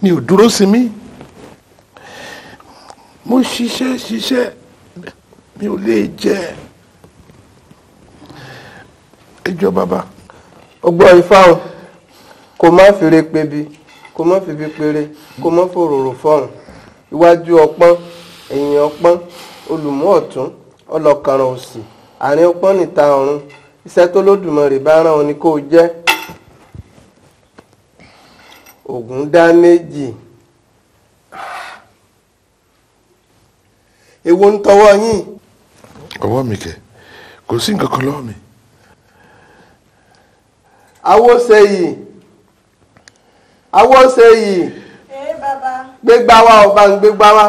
ni ò dúró sí mi mo ṣiṣẹ́ ṣiṣẹ́ mi ò lè jẹ ẹ jọ̀ọ́ bàbá. ọgbọ́n ifá o kò má fèrè pebi kò má fìbí péré kò má fòròrò fọ́ọ̀rùn iwájú ọpọ́n ẹ̀yìn ọpọ́n olùmú ọlọ́kànràn òsì àárín ọpọ́n níta ọ̀run iṣẹ́ tó lódùmarè bá rán ọ ni kó o jẹ́ ògùn dá méjì èwo ń tọwọ́ yín. ọwọ́ mi kẹ kò sí nǹkan kan lọ́wọ́ mi. awọ́sẹ̀ yìí awọ́sẹ̀ yìí gbégbá wa ọba ń gbégbá wa.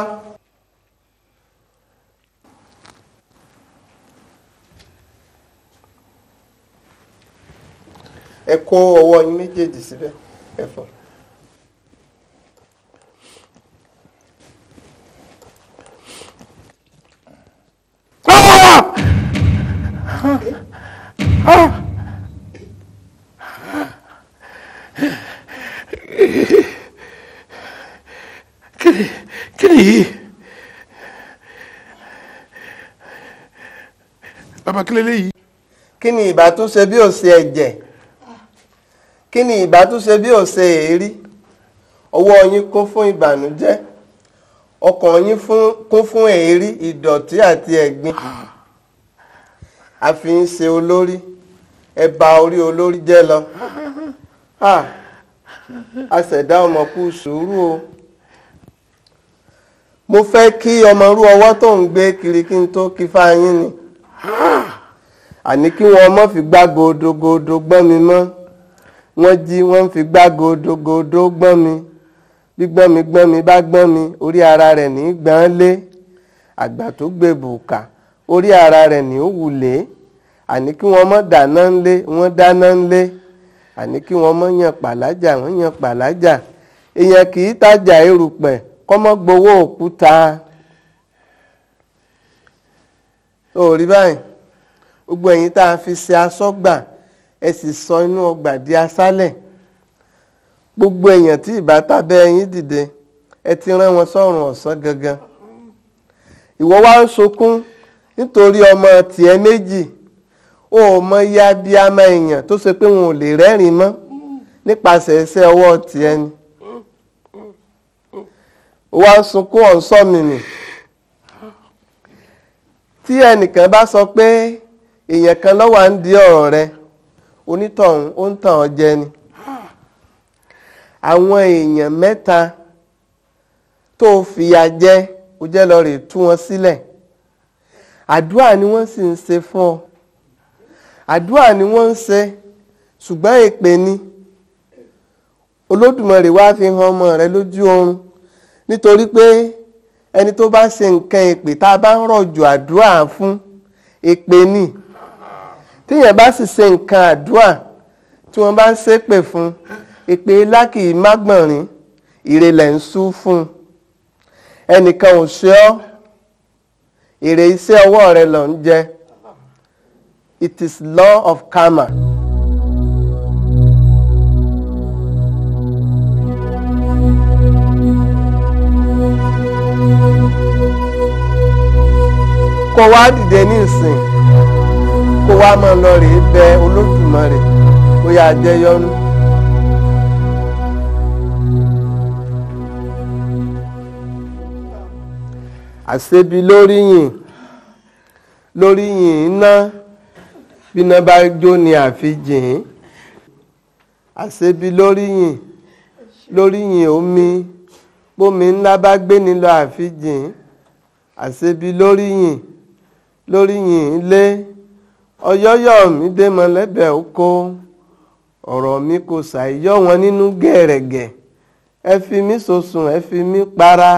ẹ kó ọwọ́ yín méjèèjì síbẹ̀ ẹ fọ̀. kíni kíni yìí baba kílélẹ́yìí. kí ni ìbá tún ṣe bí ó ṣe ẹ̀jẹ̀ kí ni ìbá tún ṣe bí òṣè èérí ọwọ́ yín kún fún ìbànújẹ́ ọkàn yín kún fún èérí ìdọ̀tí àti ẹ̀gbin a fi ń ṣe olórí ẹ bà orí olórí jẹ́ lọ a ṣẹ̀dá ọmọ kú sùúrù o mo fẹ́ kí ọmọ rú ọwọ́ tó ń gbé kiri kí n tó kí fáyín ni àní kí wọn mọ̀ fi gbá godogodo gbọ́n mi mọ́ wọ́n jí wọ́n ń fi gbá gòdògòdò gbọ́n mi bí gbọ́n mi gbọ́n mi bá gbọ́n mi orí ara rẹ̀ ní gbọ́n lé àgbà tó gbé bùkà orí ara rẹ̀ ní ó wulẹ̀ àní kí wọ́n mọ́ dáná ńlé wọ́n dáná ńlé àní kí wọ́n mọ́ yan pàlájà wọ́n yan pàlájà èèyàn kì í tajà erùpẹ̀ kọ́mọ́ gbowó òkúta ó báyìí gbogbo ẹ̀yin tá a fi ṣe asọ́gbà. So ẹ sì sọ inú ọgbà di aṣálẹ̀ gbogbo èèyàn tí ìbátá bẹ ẹyin dìde ẹ ti rán wọn sọ́run ọ̀sán gangan ìwọ wa ń sọkún nítorí ọmọ tìẹ méjì ó mọ ya bí ama èèyàn tó ṣe pé wọn ò lè rẹ́rìn mọ́ nípasẹ̀ iṣẹ́ ọwọ́ tìẹ ni Wa wá ń sunkún ọ̀sán mi nì tí ẹnìkan bá sọ pé èèyàn kan ló wà ń di ọ̀rọ̀ rẹ̀ onítọ̀hún ó ń tàn ọ́ jẹ ni àwọn èèyàn mẹ́ta tó fìyà jẹ ó jẹ́ lọ rè tú wọn sílẹ̀ àdúrà ni wọ́n sì ń ṣe fún ọ àdúrà ni wọ́n ń ṣe ṣùgbọ́n èpè ni olódùmarè wá fi hàn ọmọ rẹ lójú oorun nítorí pé ẹni tó bá ṣe nǹkan èpè tá a bá ń rọ̀jò àdúrà fún èpè ni téèyàn bá sì ṣe nǹkan àdúà tí wọ́n bá ń ṣépè fún èpè lákì mágbọ̀nrín ìrẹ̀lẹ̀ ń sú fún un ẹnìkan ò ṣe ọ́ èrè iṣẹ́ ọwọ́ rẹ ló ń jẹ it is law of karma. kó wá dìde ní ìsìn kó wá máa lọ rèé bẹ Olódùmarè ó yà jẹ́ yọ́nú. àṣebi lórí yìn lórí yìn iná bíná bá jó ni àfi jìn àṣebi lórí yìn lórí yìn omi bómi ńlá bá gbé ni lọ àfi jìn àṣebi lórí yìn lórí yìn ilé ọyọ́yọ́ mi dé mọ̀lẹ́bẹ̀ oko ọ̀rọ̀ mi kò ṣàìyọ́ wọn nínú gẹ̀rẹ̀gẹ̀ ẹ fi mí sòsùn ẹ fi mí para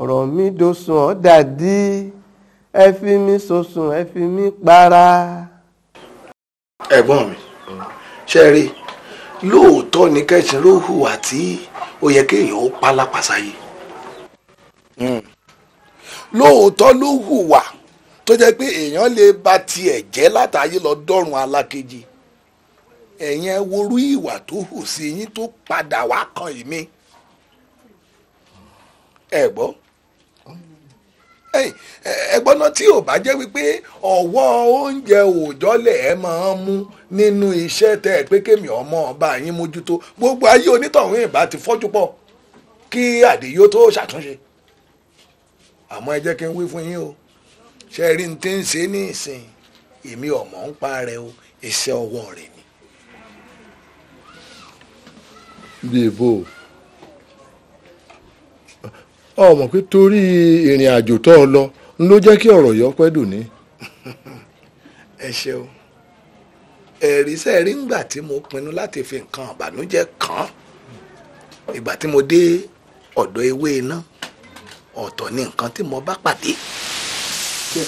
ọ̀rọ̀ mi dosùn ọ̀dà dí ẹ fi mí sòsùn ẹ fi mí para. ẹ̀gbọ́n mi ṣe rí lóòótọ́ ni kẹ́sìn hùwà tí ó yẹ kéèyàn ó pa lápàsáyé hmm. lóòótọ́ ló hùwà. Mm tó jẹ́ pé èèyàn lè ba tiẹ̀ jẹ́ látàyè lọ dọ́run alákejì ẹ̀yẹn worú ìwà tó hù sí yín tó padà wá kan èmi ẹ gbọ́ ẹgbọ́n náà tí ò bá jẹ́ wípé ọ̀wọ́ oúnjẹ òòjọ́ lẹ̀ ẹ́ máa ń mú nínú iṣẹ́ tẹ́ ẹ pé kémi ọmọ ọba yín mójútó gbogbo ayé onítọ̀hún ìbá ti fọ́jú pọ̀ kí àdéyó tó ṣàtúnṣe àmọ́ ẹ jẹ́ kí n wí fún yín o ṣe rí n tí ń ṣe ní ìsìn èmi ọmọ ń pa rẹ o iṣẹ́ ọwọ́ rẹ ni. bí ibo ọmọ pé torí ìrìn àjò tó o lọ n ló jẹ́ kí ọ̀rọ̀ yọ pẹ́ dùn ní. ẹ ṣeun ẹ̀rí sẹ́ẹ̀rí ńgbà tí mo pinnu láti fi nǹkan àbànújẹ́ kàn án ìgbà tí mo dé ọ̀dọ̀ ewé iná ọ̀tọ̀ ni nǹkan tí mo bá pàdé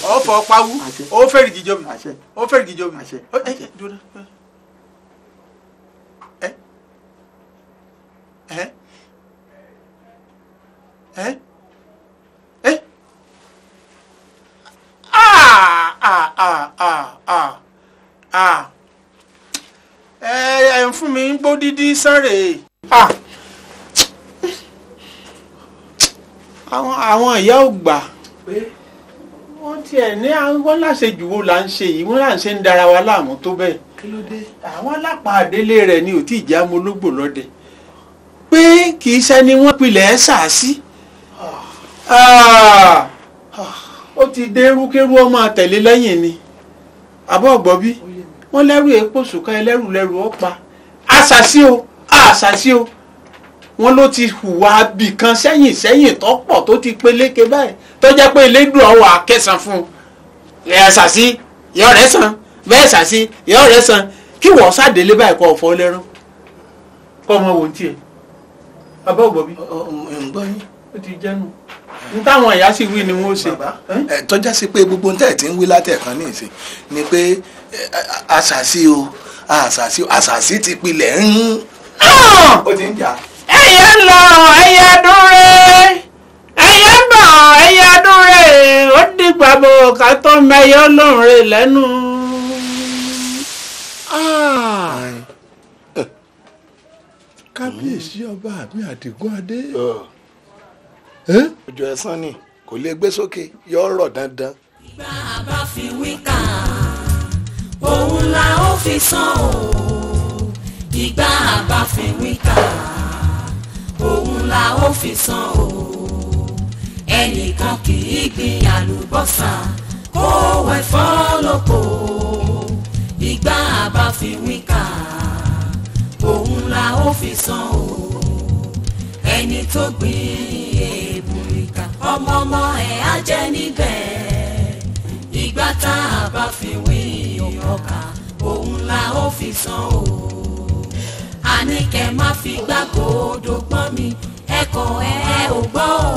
ó fọ pawú ó fẹ́rì gíjọ́ mi ó fẹ́rì gíjọ́ mi ẹ ẹ ẹ ẹ fún mi ń gbó dídí sáré. àwọn ìyá ò gbà wọ́n tiẹ̀ ní wọ́n láṣejù wo là ń ṣe yìí wọ́n là ń ṣe ń dara wa láàmú tó bẹ́ẹ̀. kí ló dé. àwọn alápàá àdélé rẹ̀ ni ò tí ì já mo lógbò lọ́dẹ pé kì í ṣẹni wọ́n pilẹ̀ ẹ́ sà sí. Ah. Ah. Ah. ó ti dé rúkérú ọmọ àtẹ̀lé lẹ́yìn ni àbọ̀ ọ̀gbọ́n bí wọ́n lẹ́rù èèpo sùkà ẹlẹ́rù lẹ́rù ọ̀pá àṣàṣì o àṣàṣì o. Ah, wọn ló ti hùwà bìkan sẹ́yìn sẹ́yìn tó pọ̀ tó ti peléke báyìí tó jẹ́ pé elédùn ọwọ́ akẹ́sàn fún un ẹ̀ ṣàṣì yọ rẹ̀ san bẹ́ẹ̀ ṣàṣì yọ rẹ̀ san kí wọ́n ṣàdélé báyìí kọ́ ọ̀fọ́ lẹ́rán kọ́ ọmọ wò ń tiẹ̀ bàbá ò gbọ́ bí. ǹgbọ́ yín. ó ti jẹ́nu n táwọn ẹ̀yà sì wí ni wọ́n ṣe. ẹ tọ́já sí pé gbogbo ń tẹ̀ tí ń wí látẹ̀kan ní ni pé o àṣàṣì o àṣàṣì ti pilẹ̀ ń. Ah! ó ti ń jà ẹyẹ lọ ẹyẹ dúnre ẹyẹ ń bọ̀ ẹyẹ dúnre ó dìgbà bò ká tó mẹyẹ lóore lẹ́nu. Ah. kábíyèsí ọba mi àdìgún adé. ọjọ́ ẹ̀sán ni kò lè gbé sókè yọ ọ̀rọ̀ dandan. ìgbà àbá fi wí kà òun la ó fi san o ìgbà àbá fi wí kà òun la ó fi san o ẹnìkan kì í gbin àlùbọ́sà kó wẹ̀ fọ́ lóko ìgbà àbáfiwíkà òun la ó fi san o ẹni tó gbin èèbù ìkà ọmọọmọ ẹ̀ á jẹ́ níbẹ̀ ìgbà tá a bá fi wí ọkà òun la ó fi san o àní kẹ́ má fi gbàgbọ́ dọ́gbọ́n mi ẹ̀kọ́ ẹ̀ ò gbọ́ o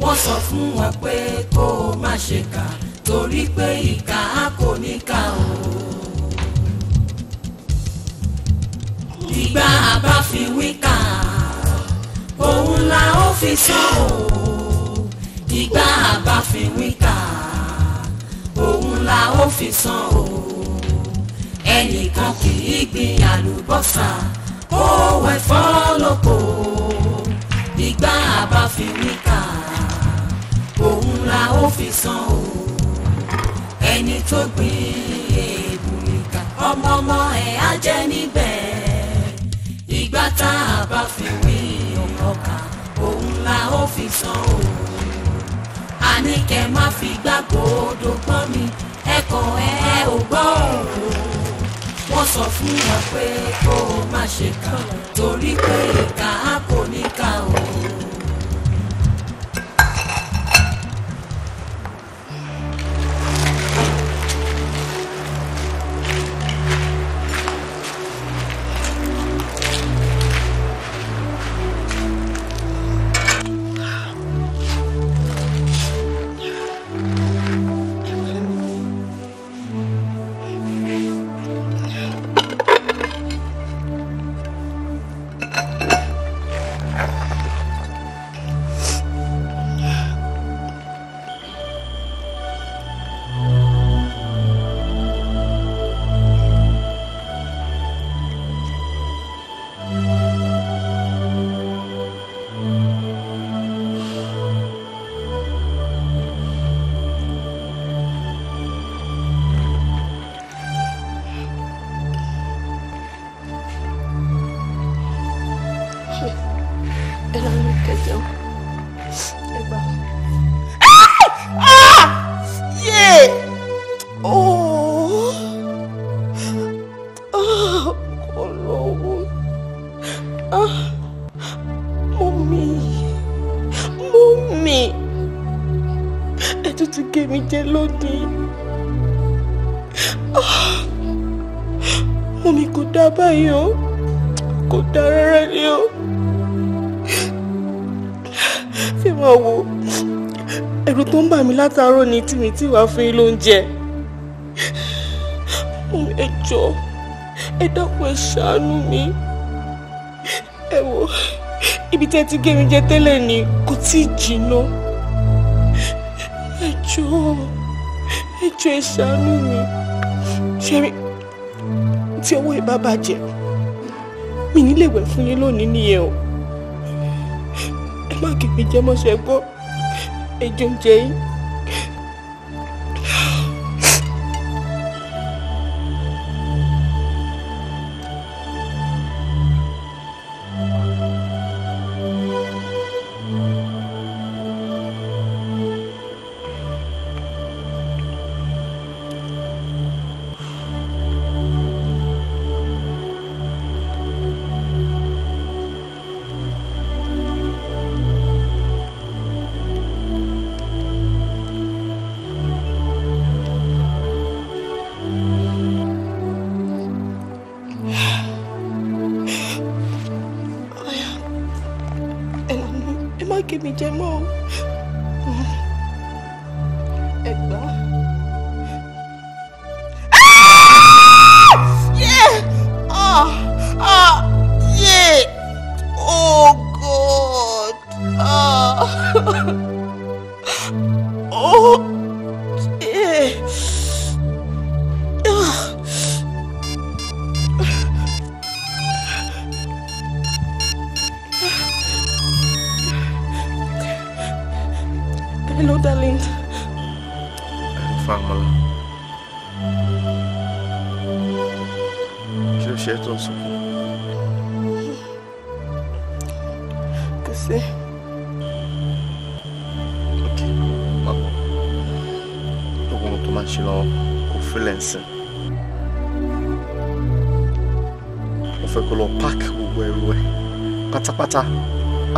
wọ́n sọ fún wọn pé kó o má ṣe kà torí pé ìkà á kò ní kà o. ìgbà àbá fi wí kà òun la ó fi sọ o ìgbà àbá fi wí kà òun la ó fi sọ o ẹnìkan kì í gbin àlùbọ́sà kó wẹ̀fọ́ lóko ìgbà àbáfínìkà òun la ó fi san o ẹni tó gbin èèbù nìkà ọmọọmọ ẹ̀ á jẹ́ níbẹ̀ ìgbà tá a bá fi wí ọmọkà òun la ó fi san o àní kẹ́ má fi gbàgbọ́ odò mi ẹ̀kọ́ ẹ̀ ẹ̀ ò gbọ́ òun wọ́n sọ fún wa pé kó o má ṣe kà torí pé ìkà á kò ní kà o. látàárọ̀ ní tìmí tí wàá fún yín lóúnjẹ ẹ jọ ẹ dákun ẹ ṣàánú mi ẹ wò ibi tẹ́ ti gé mi jẹ tẹ́lẹ̀ ni kò tí ì jìnnà ẹ jọ ẹ jọ ẹ ṣàánú mi ṣẹ́rí tí ọwọ́ ẹ bá bàjẹ́ mi nílé wẹ̀ fún yín lónìí nìyẹn o ẹ má kí mi jẹ́ mọ́ṣẹ́ gbọ́ ẹ jẹun jẹ yín.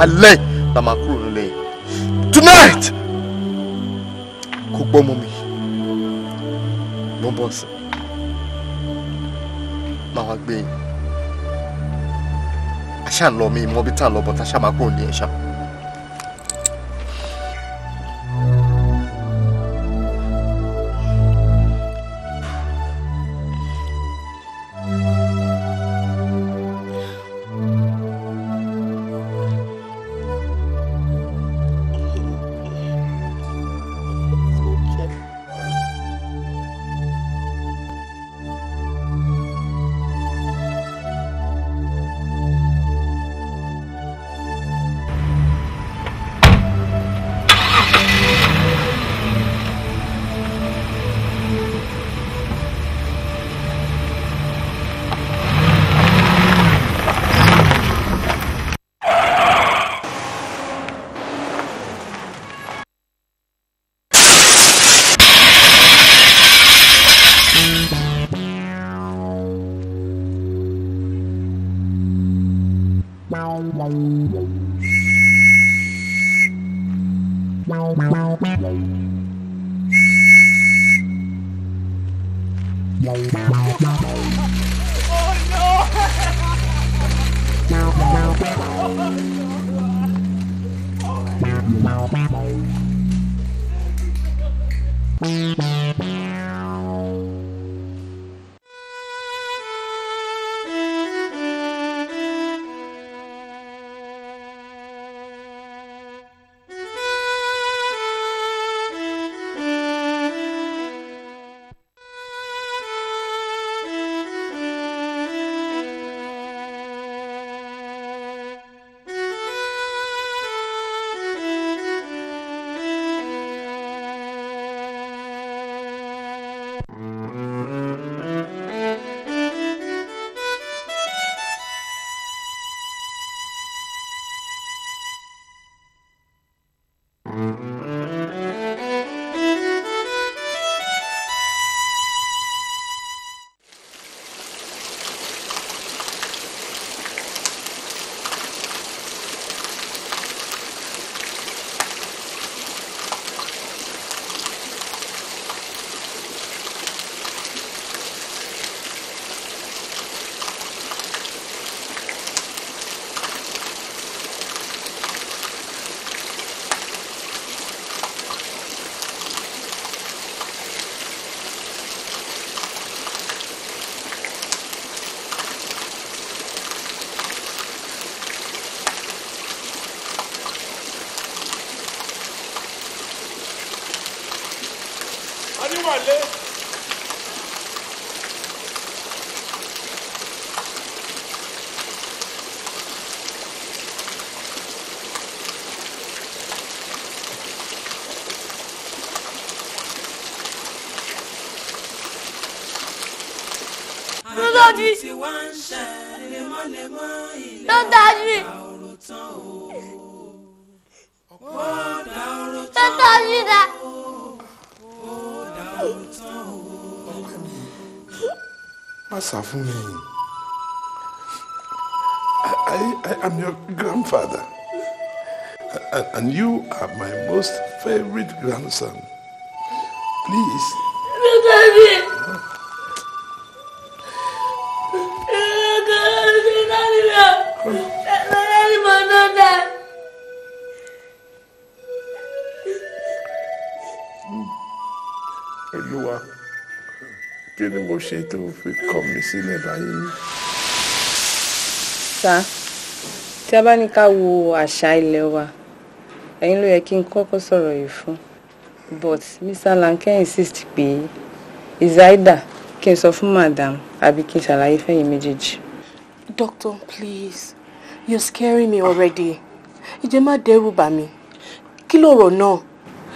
alẹ́ la máa kúrò nílé tonight kò gbọ́ ọmọ mi ló ń bọ̀ sí máa wá gbé e àṣà ń lọ mi mọ́bí tá à ń lọ bọ̀ tá Bye. grandson. Please. Olúwa, kí ni mo ṣe tó fi kọ̀ mí sílẹ̀ báyìí? Sá, tí a bá ní ká wo àṣà ilé wa, ẹ̀yin ló yẹ kí n kọ́kọ́ sọ̀rọ̀ yìí fún but Mr. Lanke insist pé is either kí n sọ fún madam Abi kí n ṣàlàyé fẹ́yìn méjèèjì. doctor please you're scaring me already ìjẹ́ má dẹ́rù bà mí kí lọ̀rọ̀ náà.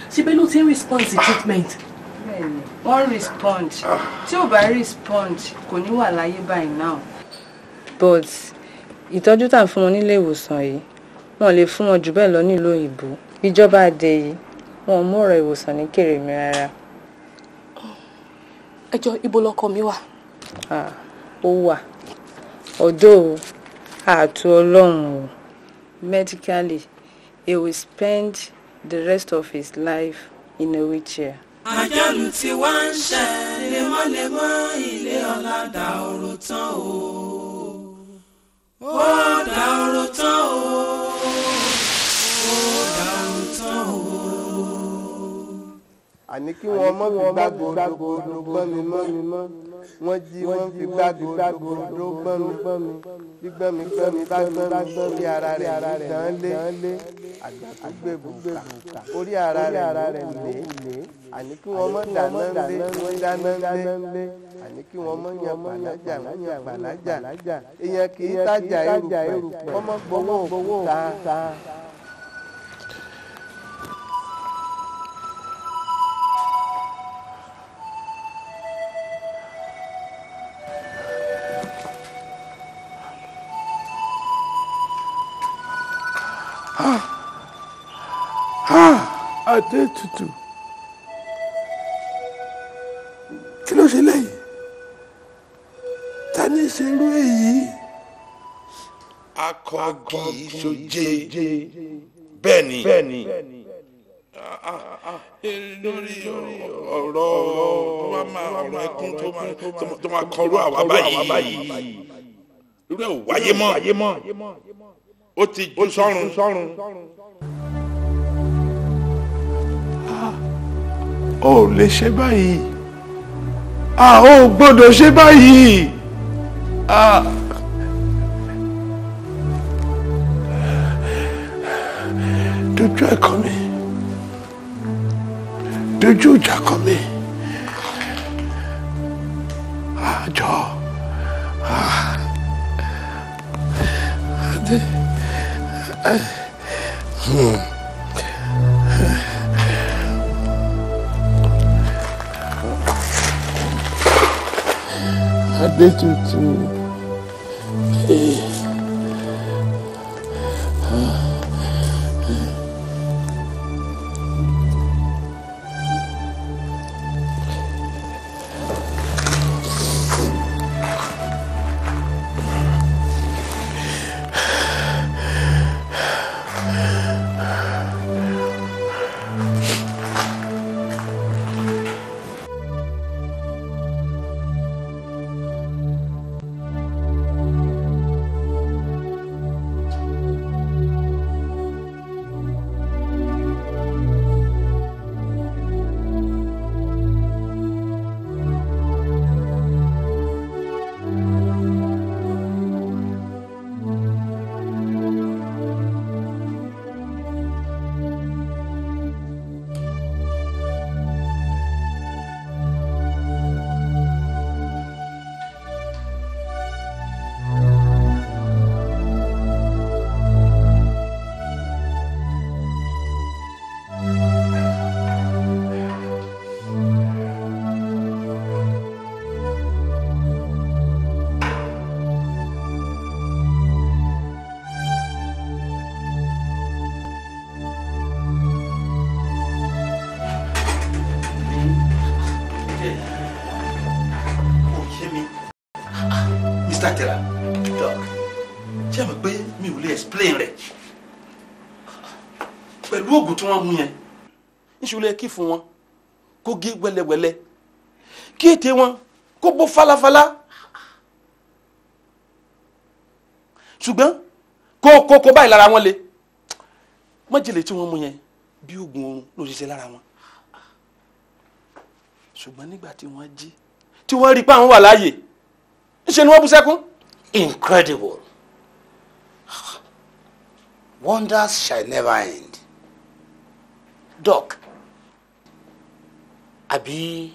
síbẹ̀ ló ti ń respond to treatment. wọ́n respond tí ò bá respond kò ní wà láyé báyìí náà. but ìtọ́jú tá à ń fún wọn nílé ìwòsàn yìí wọn lè fún wọn jù bẹ́ẹ̀ lọ nílùú òyìnbó ìjọba àdé wọn ò mú ọ̀rọ̀ ìwòsàn ní kèrè mi rárá. ẹjọ ibo lọkọ mi wà. ó wà ọdọ ààtò Ọlọ́run o medically he will spend the rest of his life in a wheelchair. àjálù tí wá ń ṣe lemọ́lemọ́ ilé ọ̀làdà ọ̀rọ̀ tán o ó dà ọ̀rọ̀ tán o. àní kí wọ́n mọ́ fi gbàgbọ́dọ̀ gbọ́n mi mọ́ mi mọ́ wọ́n jí wọ́n fi gbàgbọ́dọ̀ gbọ́n mi gbọ́n mi gbígbọ́n mi gbọ́n mi bá gbọ́n mi orí ara rẹ̀ dán lé àgbàgbẹ́bù orí ara rẹ̀ lé àní kí wọ́n mọ́ dáná lé wọ́n dáná lé àní kí wọ́n mọ́ yan gbàlájà wọ́n yan gbàlájà èèyàn kì í tájà eruku ọmọ gbowó òkúta. Adétutù kí ló ṣe lẹ́yìn ta ni ṣerú èyí akọ kì í ṣoje bẹ́ẹ̀ ni lórí ọ̀rọ̀ ọ̀rọ̀ ẹkún tó máa kọrú àwa báyìí irú ẹ̀ wáyé mọ́ ó ti ju sọ́run. o ò lè ṣe báyìí a ò gbọ́dọ̀ ṣe báyìí a. dojú ẹ̀ kọ́ mi dojú ìjà kọ́ mi àjọ àdé. Hmm. little too. lẹ kí fún wọn kó gé wẹlẹwẹlẹ kí ètè wọn kó bó falafala ṣùgbọ́n kó kókó báyìí lára wọn le májèlé tí wọ́n mú yẹn bí oògùn oorun ló ṣiṣẹ́ lára wọn ṣùgbọ́n nígbà tí wọ́n jí tí wọ́n rí i pé àwọn wà láàyè ńṣe ni wọ́n bú sẹ́kún. incredible wonders shall never end. Doc, àbí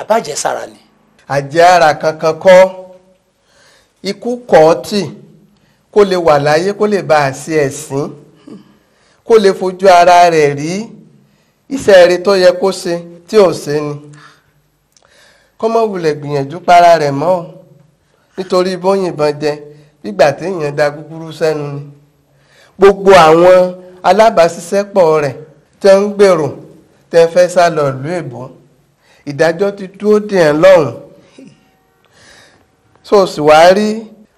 àbájẹsára ni. àjẹára kankan kọ́ ikú kọ́ọ̀tì kó lè wà láyé kó lè bá a ṣe ẹ̀sìn kó lè fojú ara rẹ̀ rí iṣẹ́ rẹ̀ tó yẹ kó ṣe tí ò ṣe ni kọ́mọ̀wulẹ̀ gbìyànjú para rẹ̀ mọ́ ò nítorí bóyìnbọn jẹ gbígbà téèyàn da gúgúrú sẹ́nu ni gbogbo àwọn alábàáṣiṣẹ́pọ̀ rẹ̀ tẹ́ ń gbèrò tẹ́ fẹ́ sá lọ ìlú èbó ìdájọ́ ti dúró dè ẹ́ lọ́rùn so sì wá rí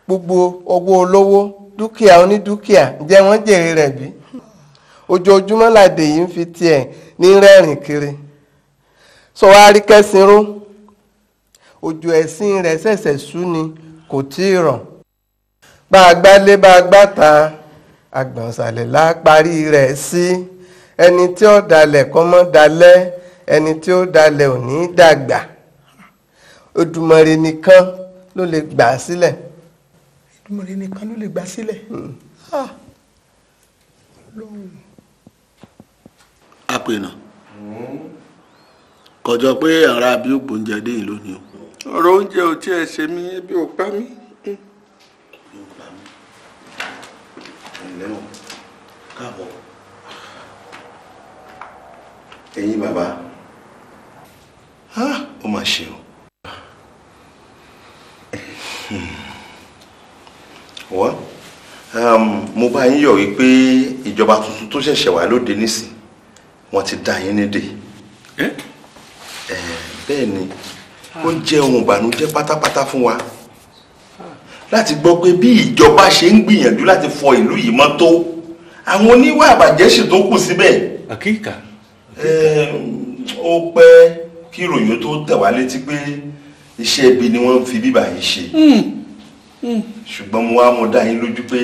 gbogbo owó olówó dúkìá onídúkìá ǹjẹ́ wọ́n jèrè rẹ̀ bí ojoojúmọ́ làdè yìí ń fi tiẹ̀ ní rẹ́rìn kiri so wá rí kẹ́sìnrú ojú ẹ̀sìn rẹ̀ ṣẹ̀ṣẹ̀ sú ni kò tí ì rọ̀ bá a gbálé bá a gbàta àgbọ̀nsàlẹ̀ la sí. Si ẹni tí ó dalẹ̀ kọ́ mọ́ dalẹ̀ ẹni tí ó dalẹ̀ ò ní dàgbà Odùmarè nìkan ló lè gbà á sílẹ̀. Odùmarè nìkan ló lè gbà á sílẹ̀. Hmm. apènà kọjọ pé ara bí ògbóúnjẹ dé yìí lónìí o. ọ̀rọ̀ oúnjẹ ò tiẹ̀ ṣe mí ebi ò pa mí. káàbọ̀ ẹ̀yin bàbá ó mà ṣe o. wọ́n um, mo bá yín yọ̀ wípé ìjọba tuntun tó ṣẹ̀ṣẹ̀ wà lóde nísìn wọ́n ti dá yín nídè. bẹ́ẹ̀ ni ó ń jẹ́ ohun ìbànújẹ́ pátápátá fún wa láti gbọ́ pé bí ìjọba ṣe ń gbìyànjú láti fọ ìlú yìí mọ́ tó àwọn oníwà àbàjẹ́ sì tó kù síbẹ̀. àkíkà. Okay, ó pẹ́ kí ìròyìn tó tẹ̀ wá létí pé iṣẹ́ ibi ni wọ́n fi bíbà yìí ṣe hmm. Hmm. ṣùgbọ́n mo wá mo dá yín lójú pé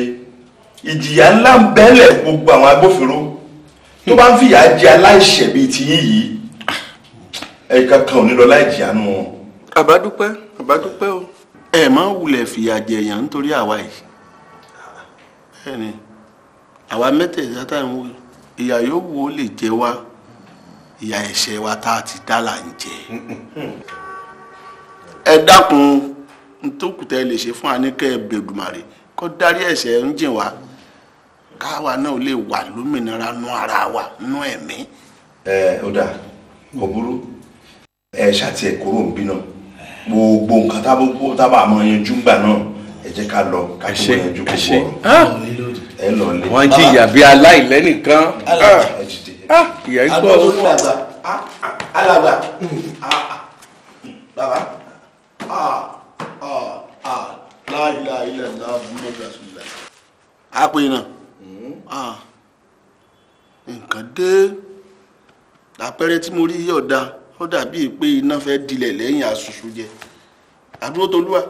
ìjìyà ńlá ń bẹ́lẹ̀ gbogbo àwọn agbófinró tó bá ń fìyà jẹ aláìṣẹ̀ bíi tiyín yìí ẹ̀ka kan ò ní lọ láì jìyà nù wọn. àbádúpẹ́ àbádúpẹ́ o ẹ má wulẹ̀ fìyà jẹ èèyàn nítorí àwa yìí bẹ́ẹ̀ ni àwa mẹ́tẹ̀ẹ̀ta tá à yóò wò ó lè jẹ wá ìyà ẹ̀ṣẹ̀ wa tá a ti dá là ń jẹ ẹ dákun ntòkùtẹ́ lè ṣe fún Àníkẹ́ Bèdùmàrè kó dárí ẹ̀ṣẹ̀ ń jìn wá káwa náà lè wà lómìnira nú ara wa nú ẹ̀mí. ẹ ó dà ó burú ẹ ṣàti ẹ kúrò ń bí náà gbogbo nǹkan tábà máa yanjú ńgbà náà ẹ jẹ́ ká lọ ká tó yanjú gbogbo ọ̀rọ̀ ẹ lọ lé. wọ́n jìyà bí aláìlẹ́nìkan. Ah, ìyá yìí pọ̀ o. Ah, ah, alàgbà hmm. bàbá láìla ilẹ̀ náà múlẹ̀ ṣùgbọ́n. a pè náà hmm. nǹkan dé àpẹẹrẹ tí mo rí ọ̀dà ó dàbíi pé iná fẹ́ dilẹ̀ lẹ́yìn àṣùṣù jẹ àdúró tolúwa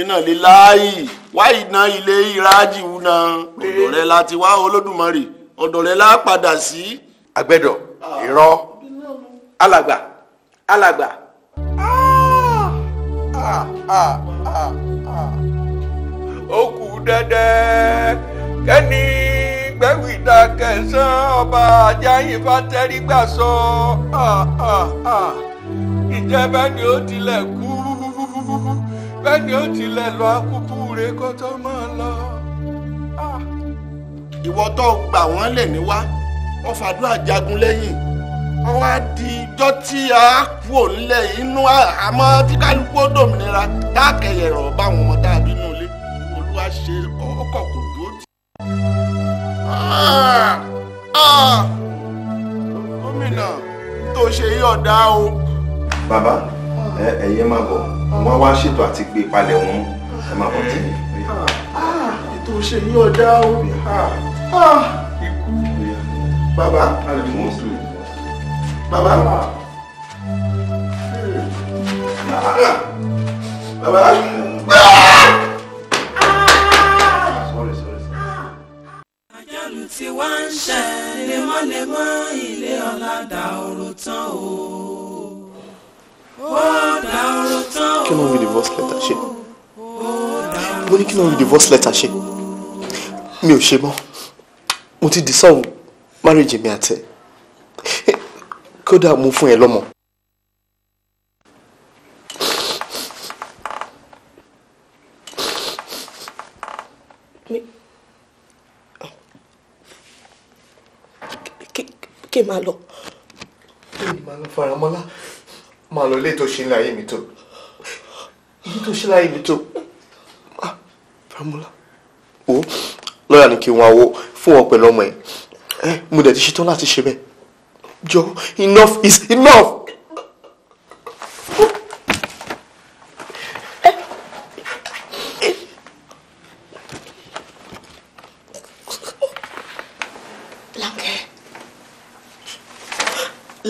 iná lè láàyè wáyé iná ilé ìrájì wúna ọ̀dọ̀ rẹ láti wá olódùmarè ọ̀dọ̀ rẹ̀ la padà sí. àgbẹ̀dọ̀ irọ́ alàgbà alàgbà. ó kù dẹ́dẹ́ kẹ́ni gbẹ́wìta kẹsàn-án ọba ajáyìn fátẹ́rí gbà sọ ìjẹ́bẹ́ ni ó tilẹ̀ kú bẹ́ẹ̀ ni ó tilẹ̀ lọ akúkú rẹ̀ kọ́tọ́ máa lọ ìwọ tó gbà wọ́n lẹ̀ ní wá wọ́n fàdúrà jagun lẹ́yìn wọ́n wá di ijọ́ tí a kú òǹlẹ̀ inú àmọ́ tí kálukú ó dòmìnira dákẹ́yẹ̀ rọ̀ báwọn ọmọ tàbí inú ilé olúwa ṣe ọkọ̀ kò dúró tì. Ah! Ah! gómìnà tó ṣe yí ọ̀dà o. bàbá ẹ̀yẹ́ máa bọ̀ wọ́n wá ṣètò àti gbé palẹ̀ wọn ẹ máa bọ̀ tì mí. ètò ìṣèyí ọ̀dà o. Ah! Ah. ikú bàbá àlùmọ́sọ bàbá bàbá. Ah. àjálù tí wá ń ṣe lemọ́lemọ́ ilé ọ̀la dà òrò tán o. ó dà òrò tán o. kí ló ń wí divorce letter ṣe? mo ní kí ló ń wí divorce letter ṣe? mi ò ṣe mọ́ mo ti dissolve marriage mi àtẹ eh, kódà mo fún ẹ lọ́mọ. kí máa lọ. máa lọ faramọ́lá máa lọ ilé tó ṣe ilé mi tó ilé tó ṣe ilé mi tó ah, faramọ́lá. o lọ́yà ni kí n wá wo fún ọ pẹ̀lú ọmọ ẹ mo dẹ̀ ti ṣetán láti ṣe bẹ́ẹ̀ jọ enough is enough.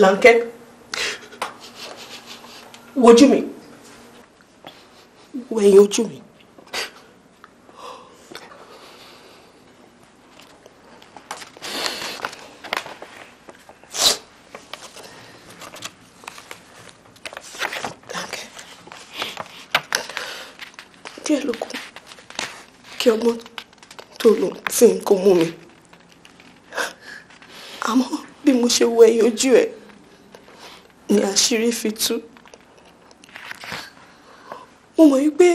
Lánkẹ́ wojú mi wẹ̀yìn ojú mi. sin kó mú mi àmọ́ bí mo ṣe wo ẹ̀yìn ojú ẹ̀ ni àṣírí fi tú mo mọ̀ wípé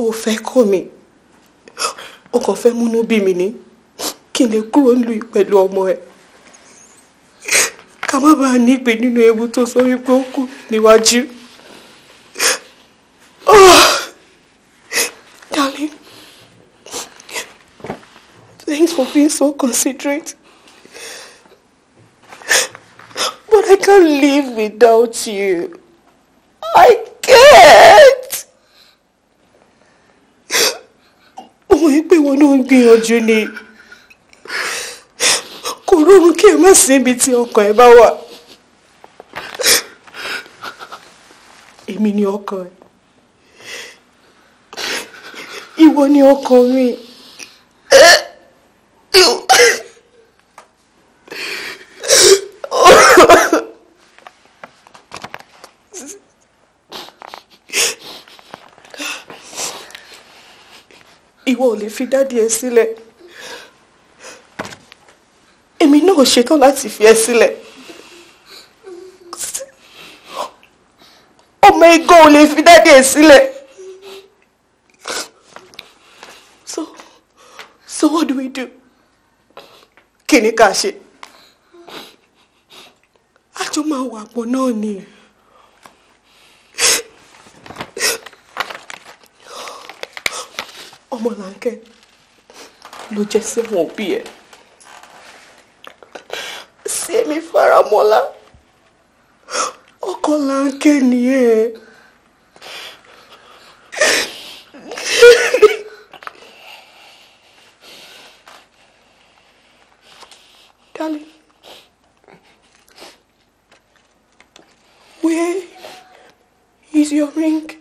o fẹ́ kọ́ mi o kàn fẹ́ múnú bí mi ni kí n lè kúrò nílùú yìí pẹ̀lú ọmọ ẹ̀ ká má bàa ní ìpè nínú ewu tó sọ wípé ó kù níwájú. for being so considerate. But I can't live without you. I can't. Òun ìpè wọn ló ń gbìyànjú ni. Kò rọrùn kí ẹ má sí ibi tí ọkàn ẹ bá wà. Èmi ni ọkàn ẹ. Ìwọ ni ọkàn mi. ìwọ ò lè fi dádì ẹ sílẹ̀ èmi náà ṣetán láti fi ẹ sílẹ̀ ọmọ ẹgọ́ ò lè fi dádì ẹ sílẹ̀ so so what do we do kí ni ká ṣe a jọ máa wà pọ̀ náà ni. Ọmọlánkẹ́ where is your ring?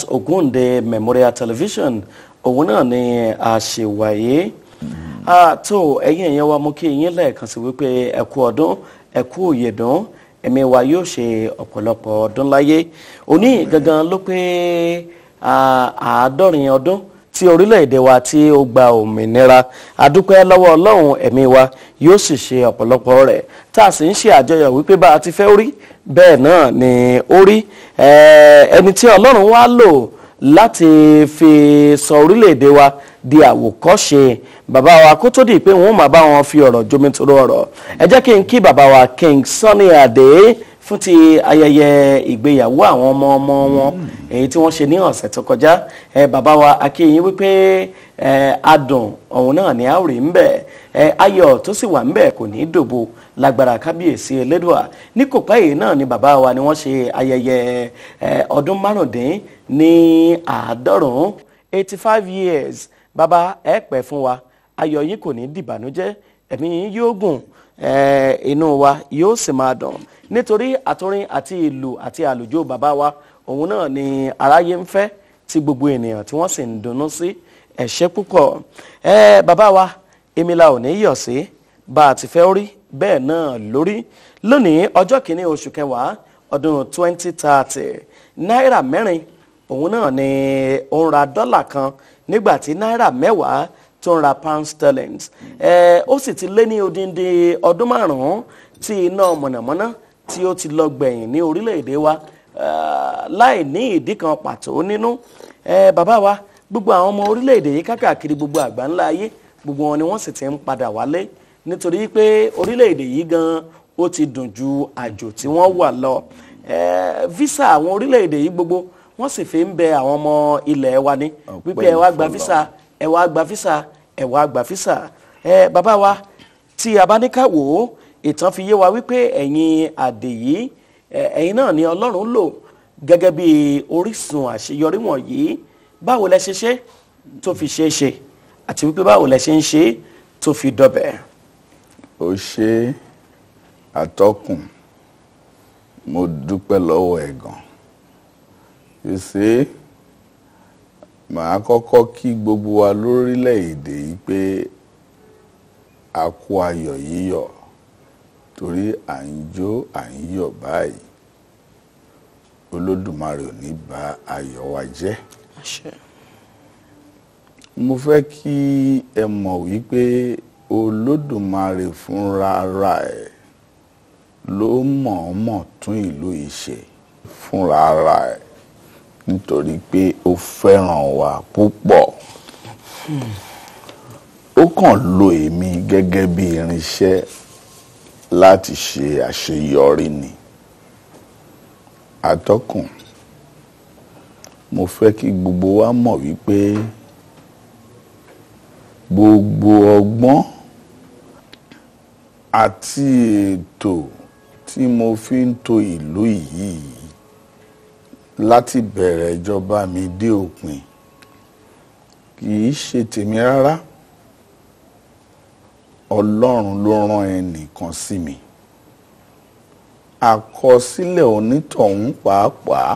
Rat Ogunde Memorial Television òun náà ni a ṣe wáyé tó ẹ̀yin ẹ̀yẹn wa mo kí yín lẹ́ẹ̀kan sí wípé ẹ kú ọdún ẹ kú òyedùn ẹ̀mí wa yóò ṣe ọ̀pọ̀lọpọ̀ ọdún láyé òní gangan ló pé àádọ́rin ọdún tí orílẹ̀-èdè wa tí ó gba òmìnira adúpẹ́ lọ́wọ́ ọlọ́run ẹ̀mí wa yóò sì ṣe ọ̀pọ̀lọpọ̀ rẹ̀ tá a sì ń ṣe àjọyọ̀ wípé bá a ti fẹ́ rí bẹ́ẹ̀ náà ni ó rí eh, ẹni tí ọlọ́run wá lò láti fi sọ orílẹ̀-èdè wa di àwòkọ́ṣe bàbá wa kó tó di pé wọ́n máa bá wọn fi ọ̀rọ̀ jomitoro ọ̀rọ̀ ẹ jẹ́ kí n kí bàbá wa King Sunny Adé fún ti ayẹyẹ ìgbéyàwó àwọn ọmọ ọmọ wọn èyí tí wọ́n ṣe ní ọ̀sẹ̀ tó kọjá ẹ eh, bàbá wa akínyìn wípé ẹ eh, adùn ọ̀hún náà ni a rí ń bẹ̀ ẹ ayọ̀ tó sì wà ń bẹ̀ kò ní í dòbo lágbára kábíyèsí elédùà ní kò pẹ́ yìí náà ni bàbá wa ni wọ́n ṣe ayẹyẹ ọdún márùndín ní àádọ́rùn-ún eighty five years bàbá ẹ pẹ́ fún wa ayọ̀ yìí kò ní dìbànújẹ́ ẹ̀mí yóò gùn inú wa yóò sì máa dùn nítorí àtúrin àti ìlú àti àlùjọ bàbá wa òun náà ni aráyé ń fẹ́ tí gbogbo ènìyàn tí wọ́n sì ń dunnú sí ẹ̀ṣẹ́ púpọ̀ bàbá wa emila ò ní yọ̀ sí bá a ti fẹ́ rí bẹ́ẹ̀ náà lórí lónìí ọjọ́ kìíní oṣù kẹwàá ọdún 2030 náírà mẹ́rin òun náà ni ó ń ra dọ́là kan nígbà tí náírà mẹ́wàá tó ń ra pound sterling ẹ ó sì ti lé ní odindi ọdún márùn-ún tí iná mọ̀nàmọ́ná tí ó ti lọ gbẹ̀yìn ní orílẹ̀-èdè wa láì ní ìdí kan pàtó nínú bàbá wa gbogbo àwọn ọmọ orílẹ̀-èdè yìí kákàkiri gbogbo àgbáńlá ayé gbogbo wọn ni wọ́n sì ti ń padà wálé nítorí pé orílẹ̀-èdè yìí gan ó ti dùn ju àjò tí wọ́n wà lọ visa àwọn orílẹ̀-èdè yìí gbogbo wọ́n sì fi ń bẹ àwọn ọmọ ilẹ̀ wa ní wípé ẹ wá gba visa ẹ wá gba visa ẹ wá gba visa ẹ bàbá wa tí a bá ní ká wò ó ìtàn fi yé wa wípé ẹ̀yin Àdèyí ẹ̀yin náà ni Ọlọ́run lò gẹ́gẹ́ bí orísun àṣeyọrí wọ̀nyí báwo lẹ ṣe ṣe tó fi ṣe é ṣe àti wípé báwo lẹ ṣe ń ṣe tó fi dọbẹ̀ o ṣe atọ́kùn mo dúpẹ́ lọ́wọ́ ẹ̀ gan you see màá kọ́kọ́ kí gbogbo wa lórílẹ̀‐èdè yìí pé a kú ayọ̀ yíyọ̀ torí à ń jó à ń yọ̀ báyìí olódùmarè ò ní bà ayọ̀ wa jẹ́. mo fẹ́ kí ẹ mọ̀ wípé olódùmarè fúnra ara ẹ̀ ló mọ̀ọ́mọ̀ tún ìlú yìí ṣe fúnra ara ẹ̀ nítorí pé ó fẹ́ràn wa púpọ̀ ó kàn lo èmi gẹ́gẹ́ bí irinṣẹ́ láti ṣe àṣeyọrí ni atọ́kùn mo fẹ́ kí gbogbo wa mọ̀ wípé gbogbo ọgbọ́n àti ètò tí mo fi ń to ìlú yìí láti bẹ̀rẹ̀ ìjọba mi dé òpin kì í ṣe tèmi rárá ọlọ́run ló rán ẹnìkan sí mi àkọsílẹ̀ onítọ̀hún pàápàá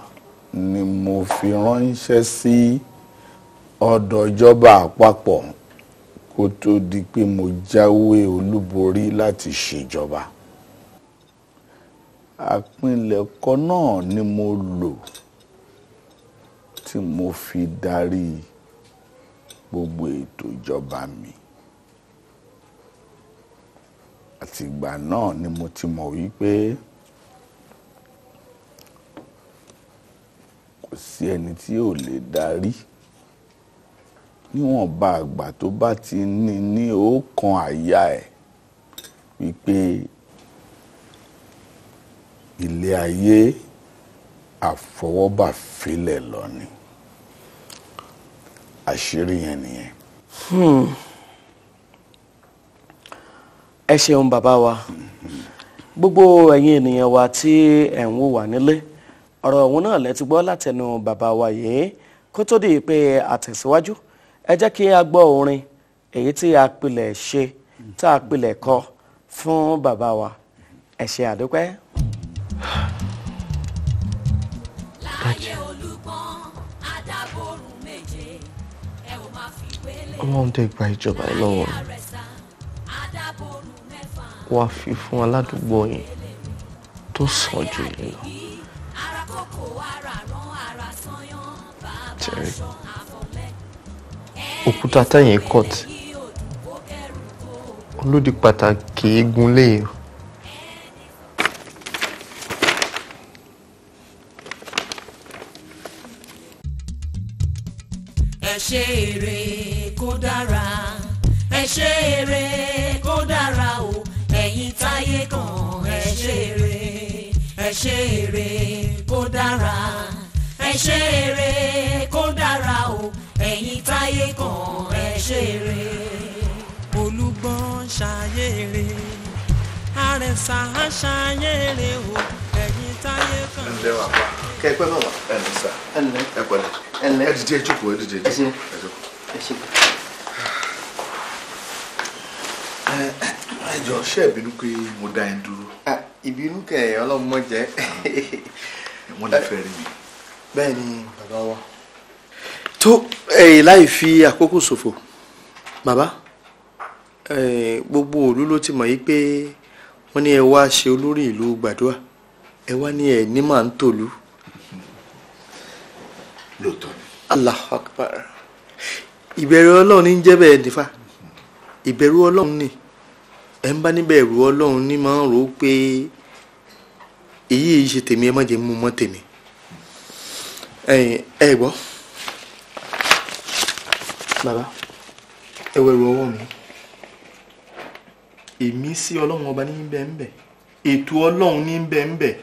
ni mo fi ránṣẹ́ sí ọ̀dọ̀ ìjọba àpapọ̀ kó tó di pé mo jáwé olúborí láti ṣèjọba àpilẹ̀kọ náà ni mo lò tí mo fi darí gbogbo ètò ìjọba mi àtìgbà náà ni mo ti mọ̀ wípé kò sí ẹni tí ò lè darí níwọ̀nba àgbà tó bá ti ní ní ọ̀kan àyà ẹ̀ wípé ilé ayé àfọwọ́bà filẹ̀ lọ ni àṣírí yẹn nìyẹn. Hmm. ẹ ṣeun bàbá wa gbogbo ẹ̀yin ènìyàn wa tí ẹ̀ ń wò wá nílé ọ̀rọ̀ ọ̀hún náà lẹ gbọ́ látẹnu bàbá wa yìí kó tó di pé àtẹ̀síwájú. Si ẹ jẹ́ kí a gbọ́ orin èyí tí a pilẹ̀ ṣe tá a pilẹ̀ kọ fún bàbá wa ẹ ṣe àdúpẹ́. láyé olùgbọ́n adáborùn méje ẹ ò máa fi wélé. ọlọ́run tẹ ìjọba lọ́wọ́ wàá fi fún aládùúgbò yìí tó sàn jù yìí lọ òkúta tẹ̀yìn court olódì pàtàkì eégún léèyàn. ẹ ṣe eré kó dára ẹ o ẹ̀yin táyé kan ẹ ṣe eré ẹ ṣe eré kó dára ẹ ṣe eré kó dára o ẹ̀yin táyé kan ẹ ṣeré. olùgbọ́n ṣayére àrẹ̀sà ṣayére o ẹ̀yin táyé kan. ẹ ǹlẹ́ wà pa kẹ́ ẹ pẹ́ mọ̀ wá. ẹ ǹlẹ́ sà ẹ ǹlẹ́ ẹ pẹ̀lẹ́ ẹ ǹlẹ́ ẹ dìde jókòó ẹ dìde jókòó ẹ jókòó. ẹ ṣe ẹ jọ ṣé ìbínú pé mo dá ẹ dúró. ìbínú kẹ ọlọ́run mọ̀ jẹ́. wọ́n lè fẹ́ rí mi. bẹ́ẹ̀ ni bàbá wa. tó ẹ̀yìn láì fi àkókò ṣòfò bàbá gbogbo òlú ló ti mọ̀ yí pé wọ́n ní ẹ wá ṣe olórí ìlú gbàdúrà ẹ wá ní ẹ ní màá ń tòlú. lóòótọ́ ni. Allahu Akbar ìbẹ̀rù ọlọ́run ní ń jẹ́ bẹ́ẹ̀ nífà ìbẹ̀rù ọlọ́run ni ẹ ń bá níbẹ̀ ẹ̀rù ọlọ́run ní máa ń rò ó pé èyí ṣe tèmi ẹ má jẹ́ mú mọ́ tèmi ẹ gbọ́ bàbá ẹ wẹ̀rù ọwọ́ mi èmi sí ọlọ́run ọba ní bẹ́ẹ̀ ń bẹ̀ ètò ọlọ́run ní bẹ́ẹ̀ ń bẹ̀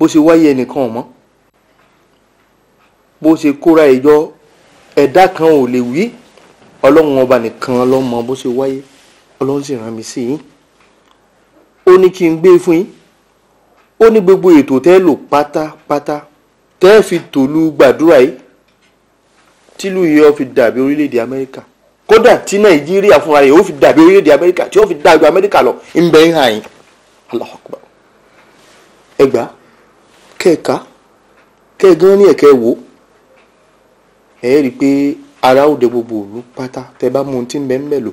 bó ṣe wáyé ẹnìkan ọ̀mọ́ bó ṣe kóra ìjọ ẹ̀dá kan ò lè wí ọlọ́run ọba nìkan ló bó ṣe wáyé ọlọ́run sì rán mi sí yín ó ní kí n gbé e fún yín ó ní gbogbo ètò tẹ́ lò pátápátá tẹ́ fi tòlu gbàdúrà yìí tílù yìí ó fi dàbí orílẹ̀-èdè amẹ́ríkà kódà tí nàìjíríà fúnra rẹ̀ ó fi dàbí orílẹ̀-èdè amẹ́ríkà tí ó fi dàbí amẹ́ríkà lọ ńbẹ́ ń hàn yín Allahu Akbar ẹgbà kẹ́ẹ̀ka kẹ́ẹ̀gán ní ẹ̀kẹ́ wò ẹ̀ rí i pé ara ó de gbogbo òru pátá tẹ bá mú un tí ń bẹ́ ń bẹ̀ lò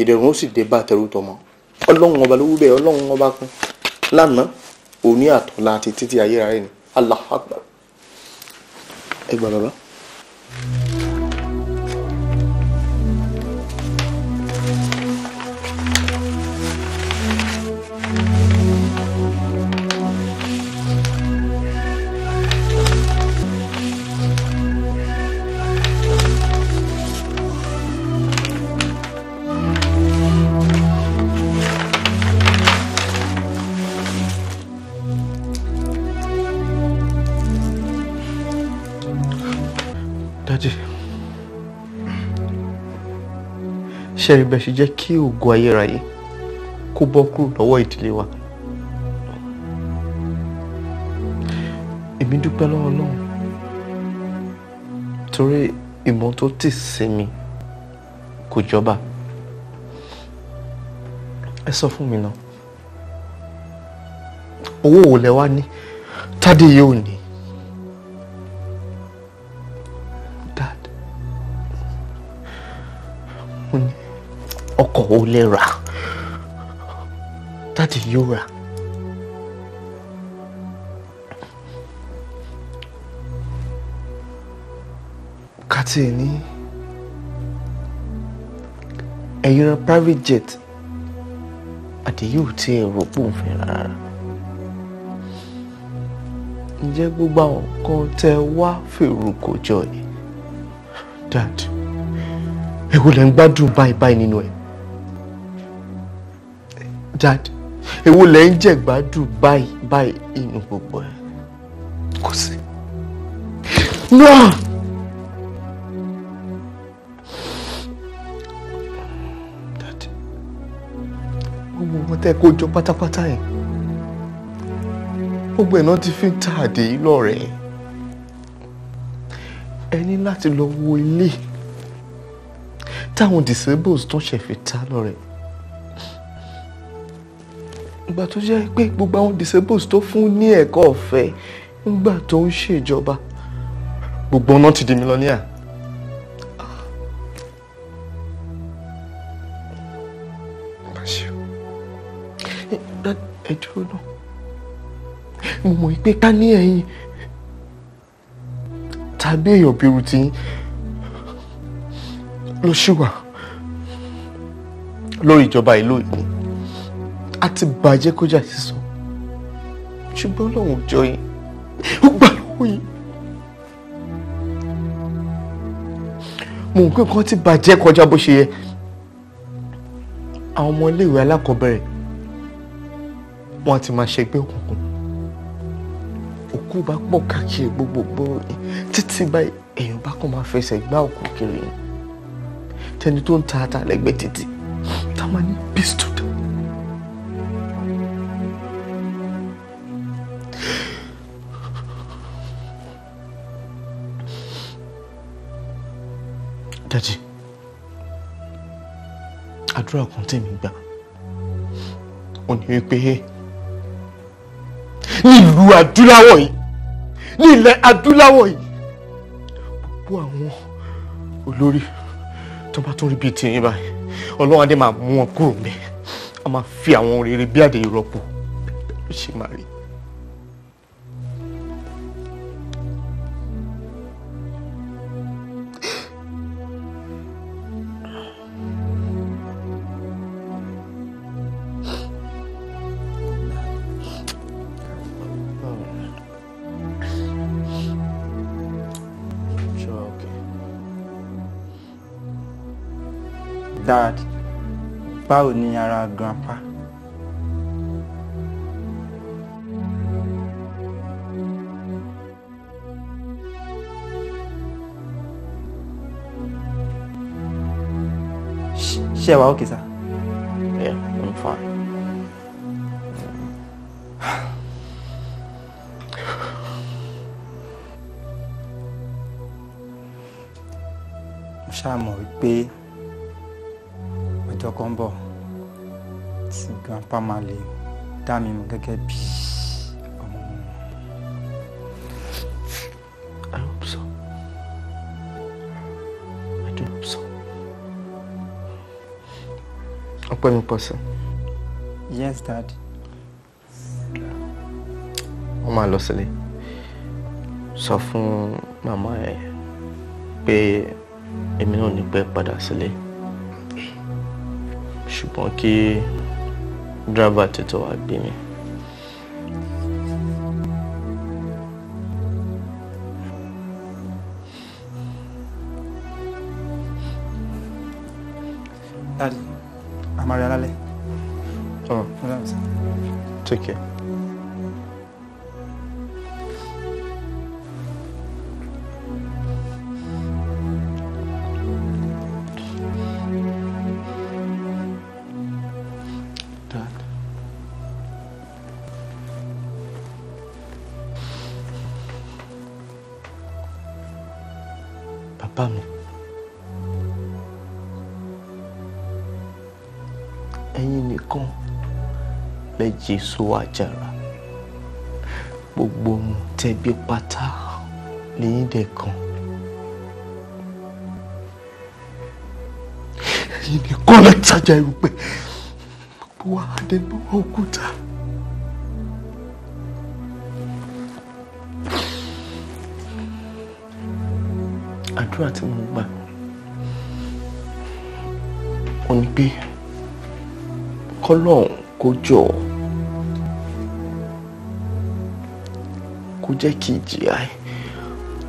ìdẹ̀rùn ó sì dé bá tẹrù tọmọ ọlọ́run ọba ló wú bẹ́ẹ̀ ọba kan lánàá òní àtọ̀lá àti títí ayérayé ni Allahu ẹgbà bàbá. Amen. dájú ṣẹ́rí bẹ́ẹ̀ ṣe jẹ́ kí òògùn ayérayé kó bọ́ kúrò lọ́wọ́ ìdílé wa èmi dúpẹ́ lọ́wọ́ Ọlọ́run torí ìmọ̀ tó tì sí mi kò jọba ẹ sọ fún mi náà owó wo lẹ wá ní tádé yóò ní. ó lè rà dáàdi yóò rà. kátì ní ẹ̀yìn ran private jet àdéhùn ò tí ẹ̀ rò pòǹfẹ̀ rárá ǹjẹ́ gbogbo àwọn kan tẹ́ wá fèrò kò jọ yìí dad ẹ wo lẹ ń gbádùn báyìí báyìí nínú ẹ dad èwo lẹ ń jẹ̀gbádùn báyìí báyìí inú gbogbo ẹ̀ kò sí. náà. gbogbo wọn tẹ́ kó jọ pátápátá yẹn gbogbo ẹ̀ náà ti fi ń ta àdé lọ́rẹ̀ẹ́ ẹ ní láti lọ wo ilé táwọn disables tó ṣẹ̀ fi ta lọ́rẹ̀ẹ́ ìgbà tó jẹ́ pé gbogbo àwọn disables tó fún ní ẹ̀kọ́ ọ̀fẹ́ ńgbà tó ń ṣèjọba. gbogbo ọ̀nà ti di mílíọ̀nìyà. ẹ dúró náà mo mọ̀ pé ká ní ẹ̀yìn tàbí èèyàn bírú ti lọ ṣì wà lórí ìjọba ìlú yìí a ti bàjẹ́ kọjá sísọ ṣùgbọ́n lọ́wọ́n jọ yín ó gbà lọ́wọ́ yín mo ń pè kán ti bàjẹ́ kọjá bó ṣe yẹ àwọn ọmọ iléèwé alákọ̀ọ́bẹ̀rẹ̀ wọn ti máa ṣègbè òkùnkùn òkú bá pọ̀ káàkiri gbogbogbò títí báyìí èèyàn bá kàn máa fẹsẹ̀ gbá òkú kiri tẹni tó ń ta ata lẹ́gbẹ̀ẹ́ títì tá a máa ní pistol. dadi àdúrà kan tèmi gbà ó ní wípé nílùú adúláwọ̀ yìí ní ilẹ̀ adúláwọ̀ yìí gbogbo àwọn olórí tó bá tún rí bíi tìyín báyìí ọlọ́run adé máa mú wọn kúrò mẹ́ a máa fi àwọn rere bí àdéhìí rọ́pò bí ó ṣe máa rí i. Dad, báwo ni ara grandpa? Ṣé ẹ wà okay sir? Yeah, I'm fine. Mo ṣáà mọ̀ wípé kan bọ̀ tí grandpa máa lè dá mi mọ̀ gẹ́gẹ́ bí ọmọ wọn. I hope so. I do hope so. ọpẹ́ mi pọ̀ sí. yes dad. wọ́n máa lọ sílé sọ fún màmá ẹ̀ pé èmi náà ní pẹ́ padà sílé. Si ṣùgbọ́n kí dráìvà tètè wá gbé mi. bá mu ẹ̀yin nìkan lẹ jésù àjàrà gbogbo ohun tẹbi pátá lẹ́yìn dẹkan ẹ̀yin nìkan lẹ tajà irúgbẹ gbogbo wa àdéhùn òkúta. àdúrà tí mo gbà ó ní pé kọ́lọ́hún kó jọ kó jẹ́ kí ìjìyà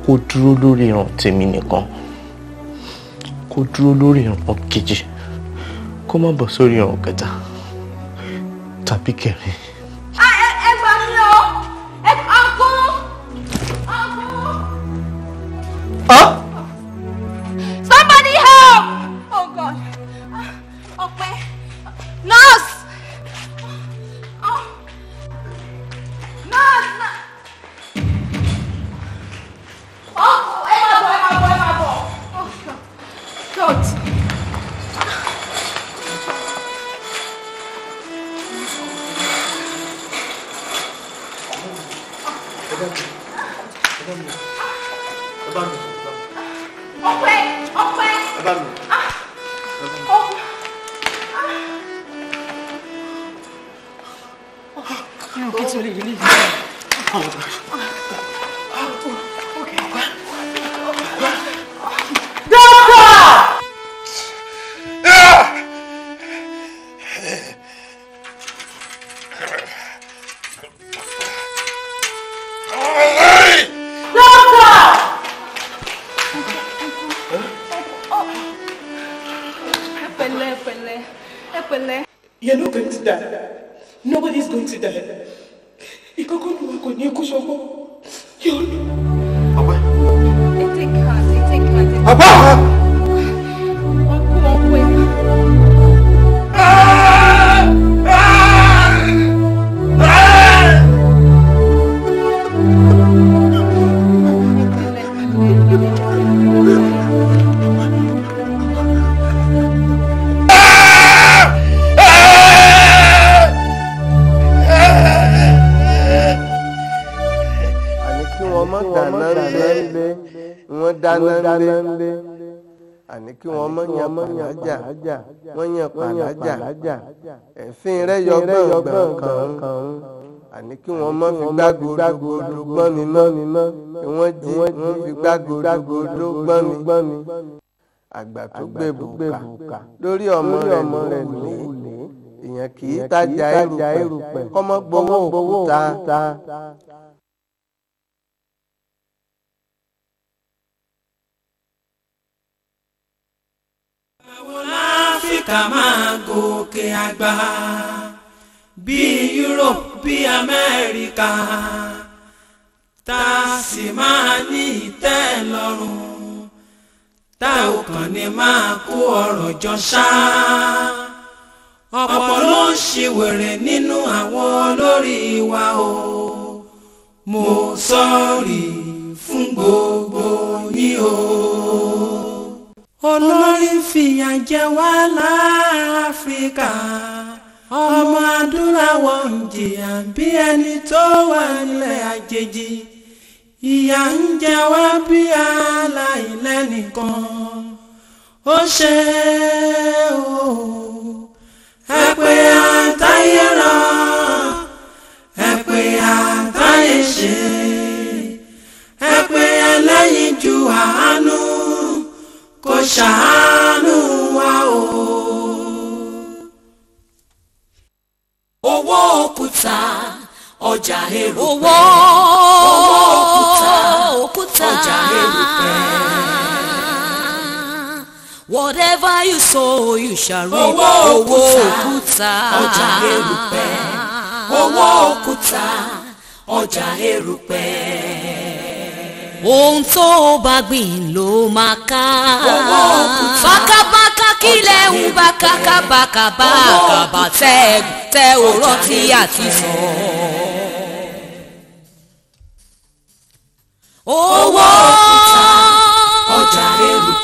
kó dúró lórí ìran tèmi nìkan kó dúró lórí ìran kejì kó má bọ̀ sórí ìran kẹta tàbí kẹrin. dáná ńlé àní kí wọ́n mọ̀ yàn pàlájà wọ́n yàn pàlájà ẹ̀fín rẹ̀ yọ gbọ̀ngbọ̀n kan àní kí wọ́n mọ̀ fi gbàgbódógbódó gbọ́n mi mọ́ kí wọ́n jí wọ́n fi gbàgbódógbódó gbọ́n mi àgbà tó gbé bùkà lórí ọmọ rẹ̀ nìyí èèyàn kì í tajà erùpẹ̀ kọ́mọ́ gbowó òkúta gbogbo láfíríkà máa gòkè àgbà bíi Europe bíi Amẹ́ríkà tá a sì máa ní ìtẹ́lọ́rùn tá ò kàn ní máa kó ọ̀rọ̀ jọ ṣá. ọ̀pọ̀ ló ń ṣìwèrè nínú àwọn olórí wa o mo sọ̀rí fún gbogbo yín o olórí fìyà jẹ wá láàfíríkà ọmọ adúláwọ̀ ń jìyà bí ẹni tó wà nílẹ̀ àjèjì ìyà ń jẹ wá bí aláìlẹ́nìkan ó ṣe o ẹ pé àtàyè rán ẹ pé àtàyè ṣe ẹ pé ẹlẹ́yinjú àánú kó ṣàánú wa o. owó òkúta ọjà èrò pẹ́ owó òkúta ọjà èrò pẹ́. Whatever you sow, you shall reap. Owó òkúta, ọjà erùpẹ̀. Owó òkúta, ọjà erùpẹ̀ ohun tó bá gbìn ló máa ká. fakabaka kílẹ̀ ń bá kákábàkàbà kàbà tẹ́ tẹ́ òrọ́ tí a ti sọ. owó ọjà èrò.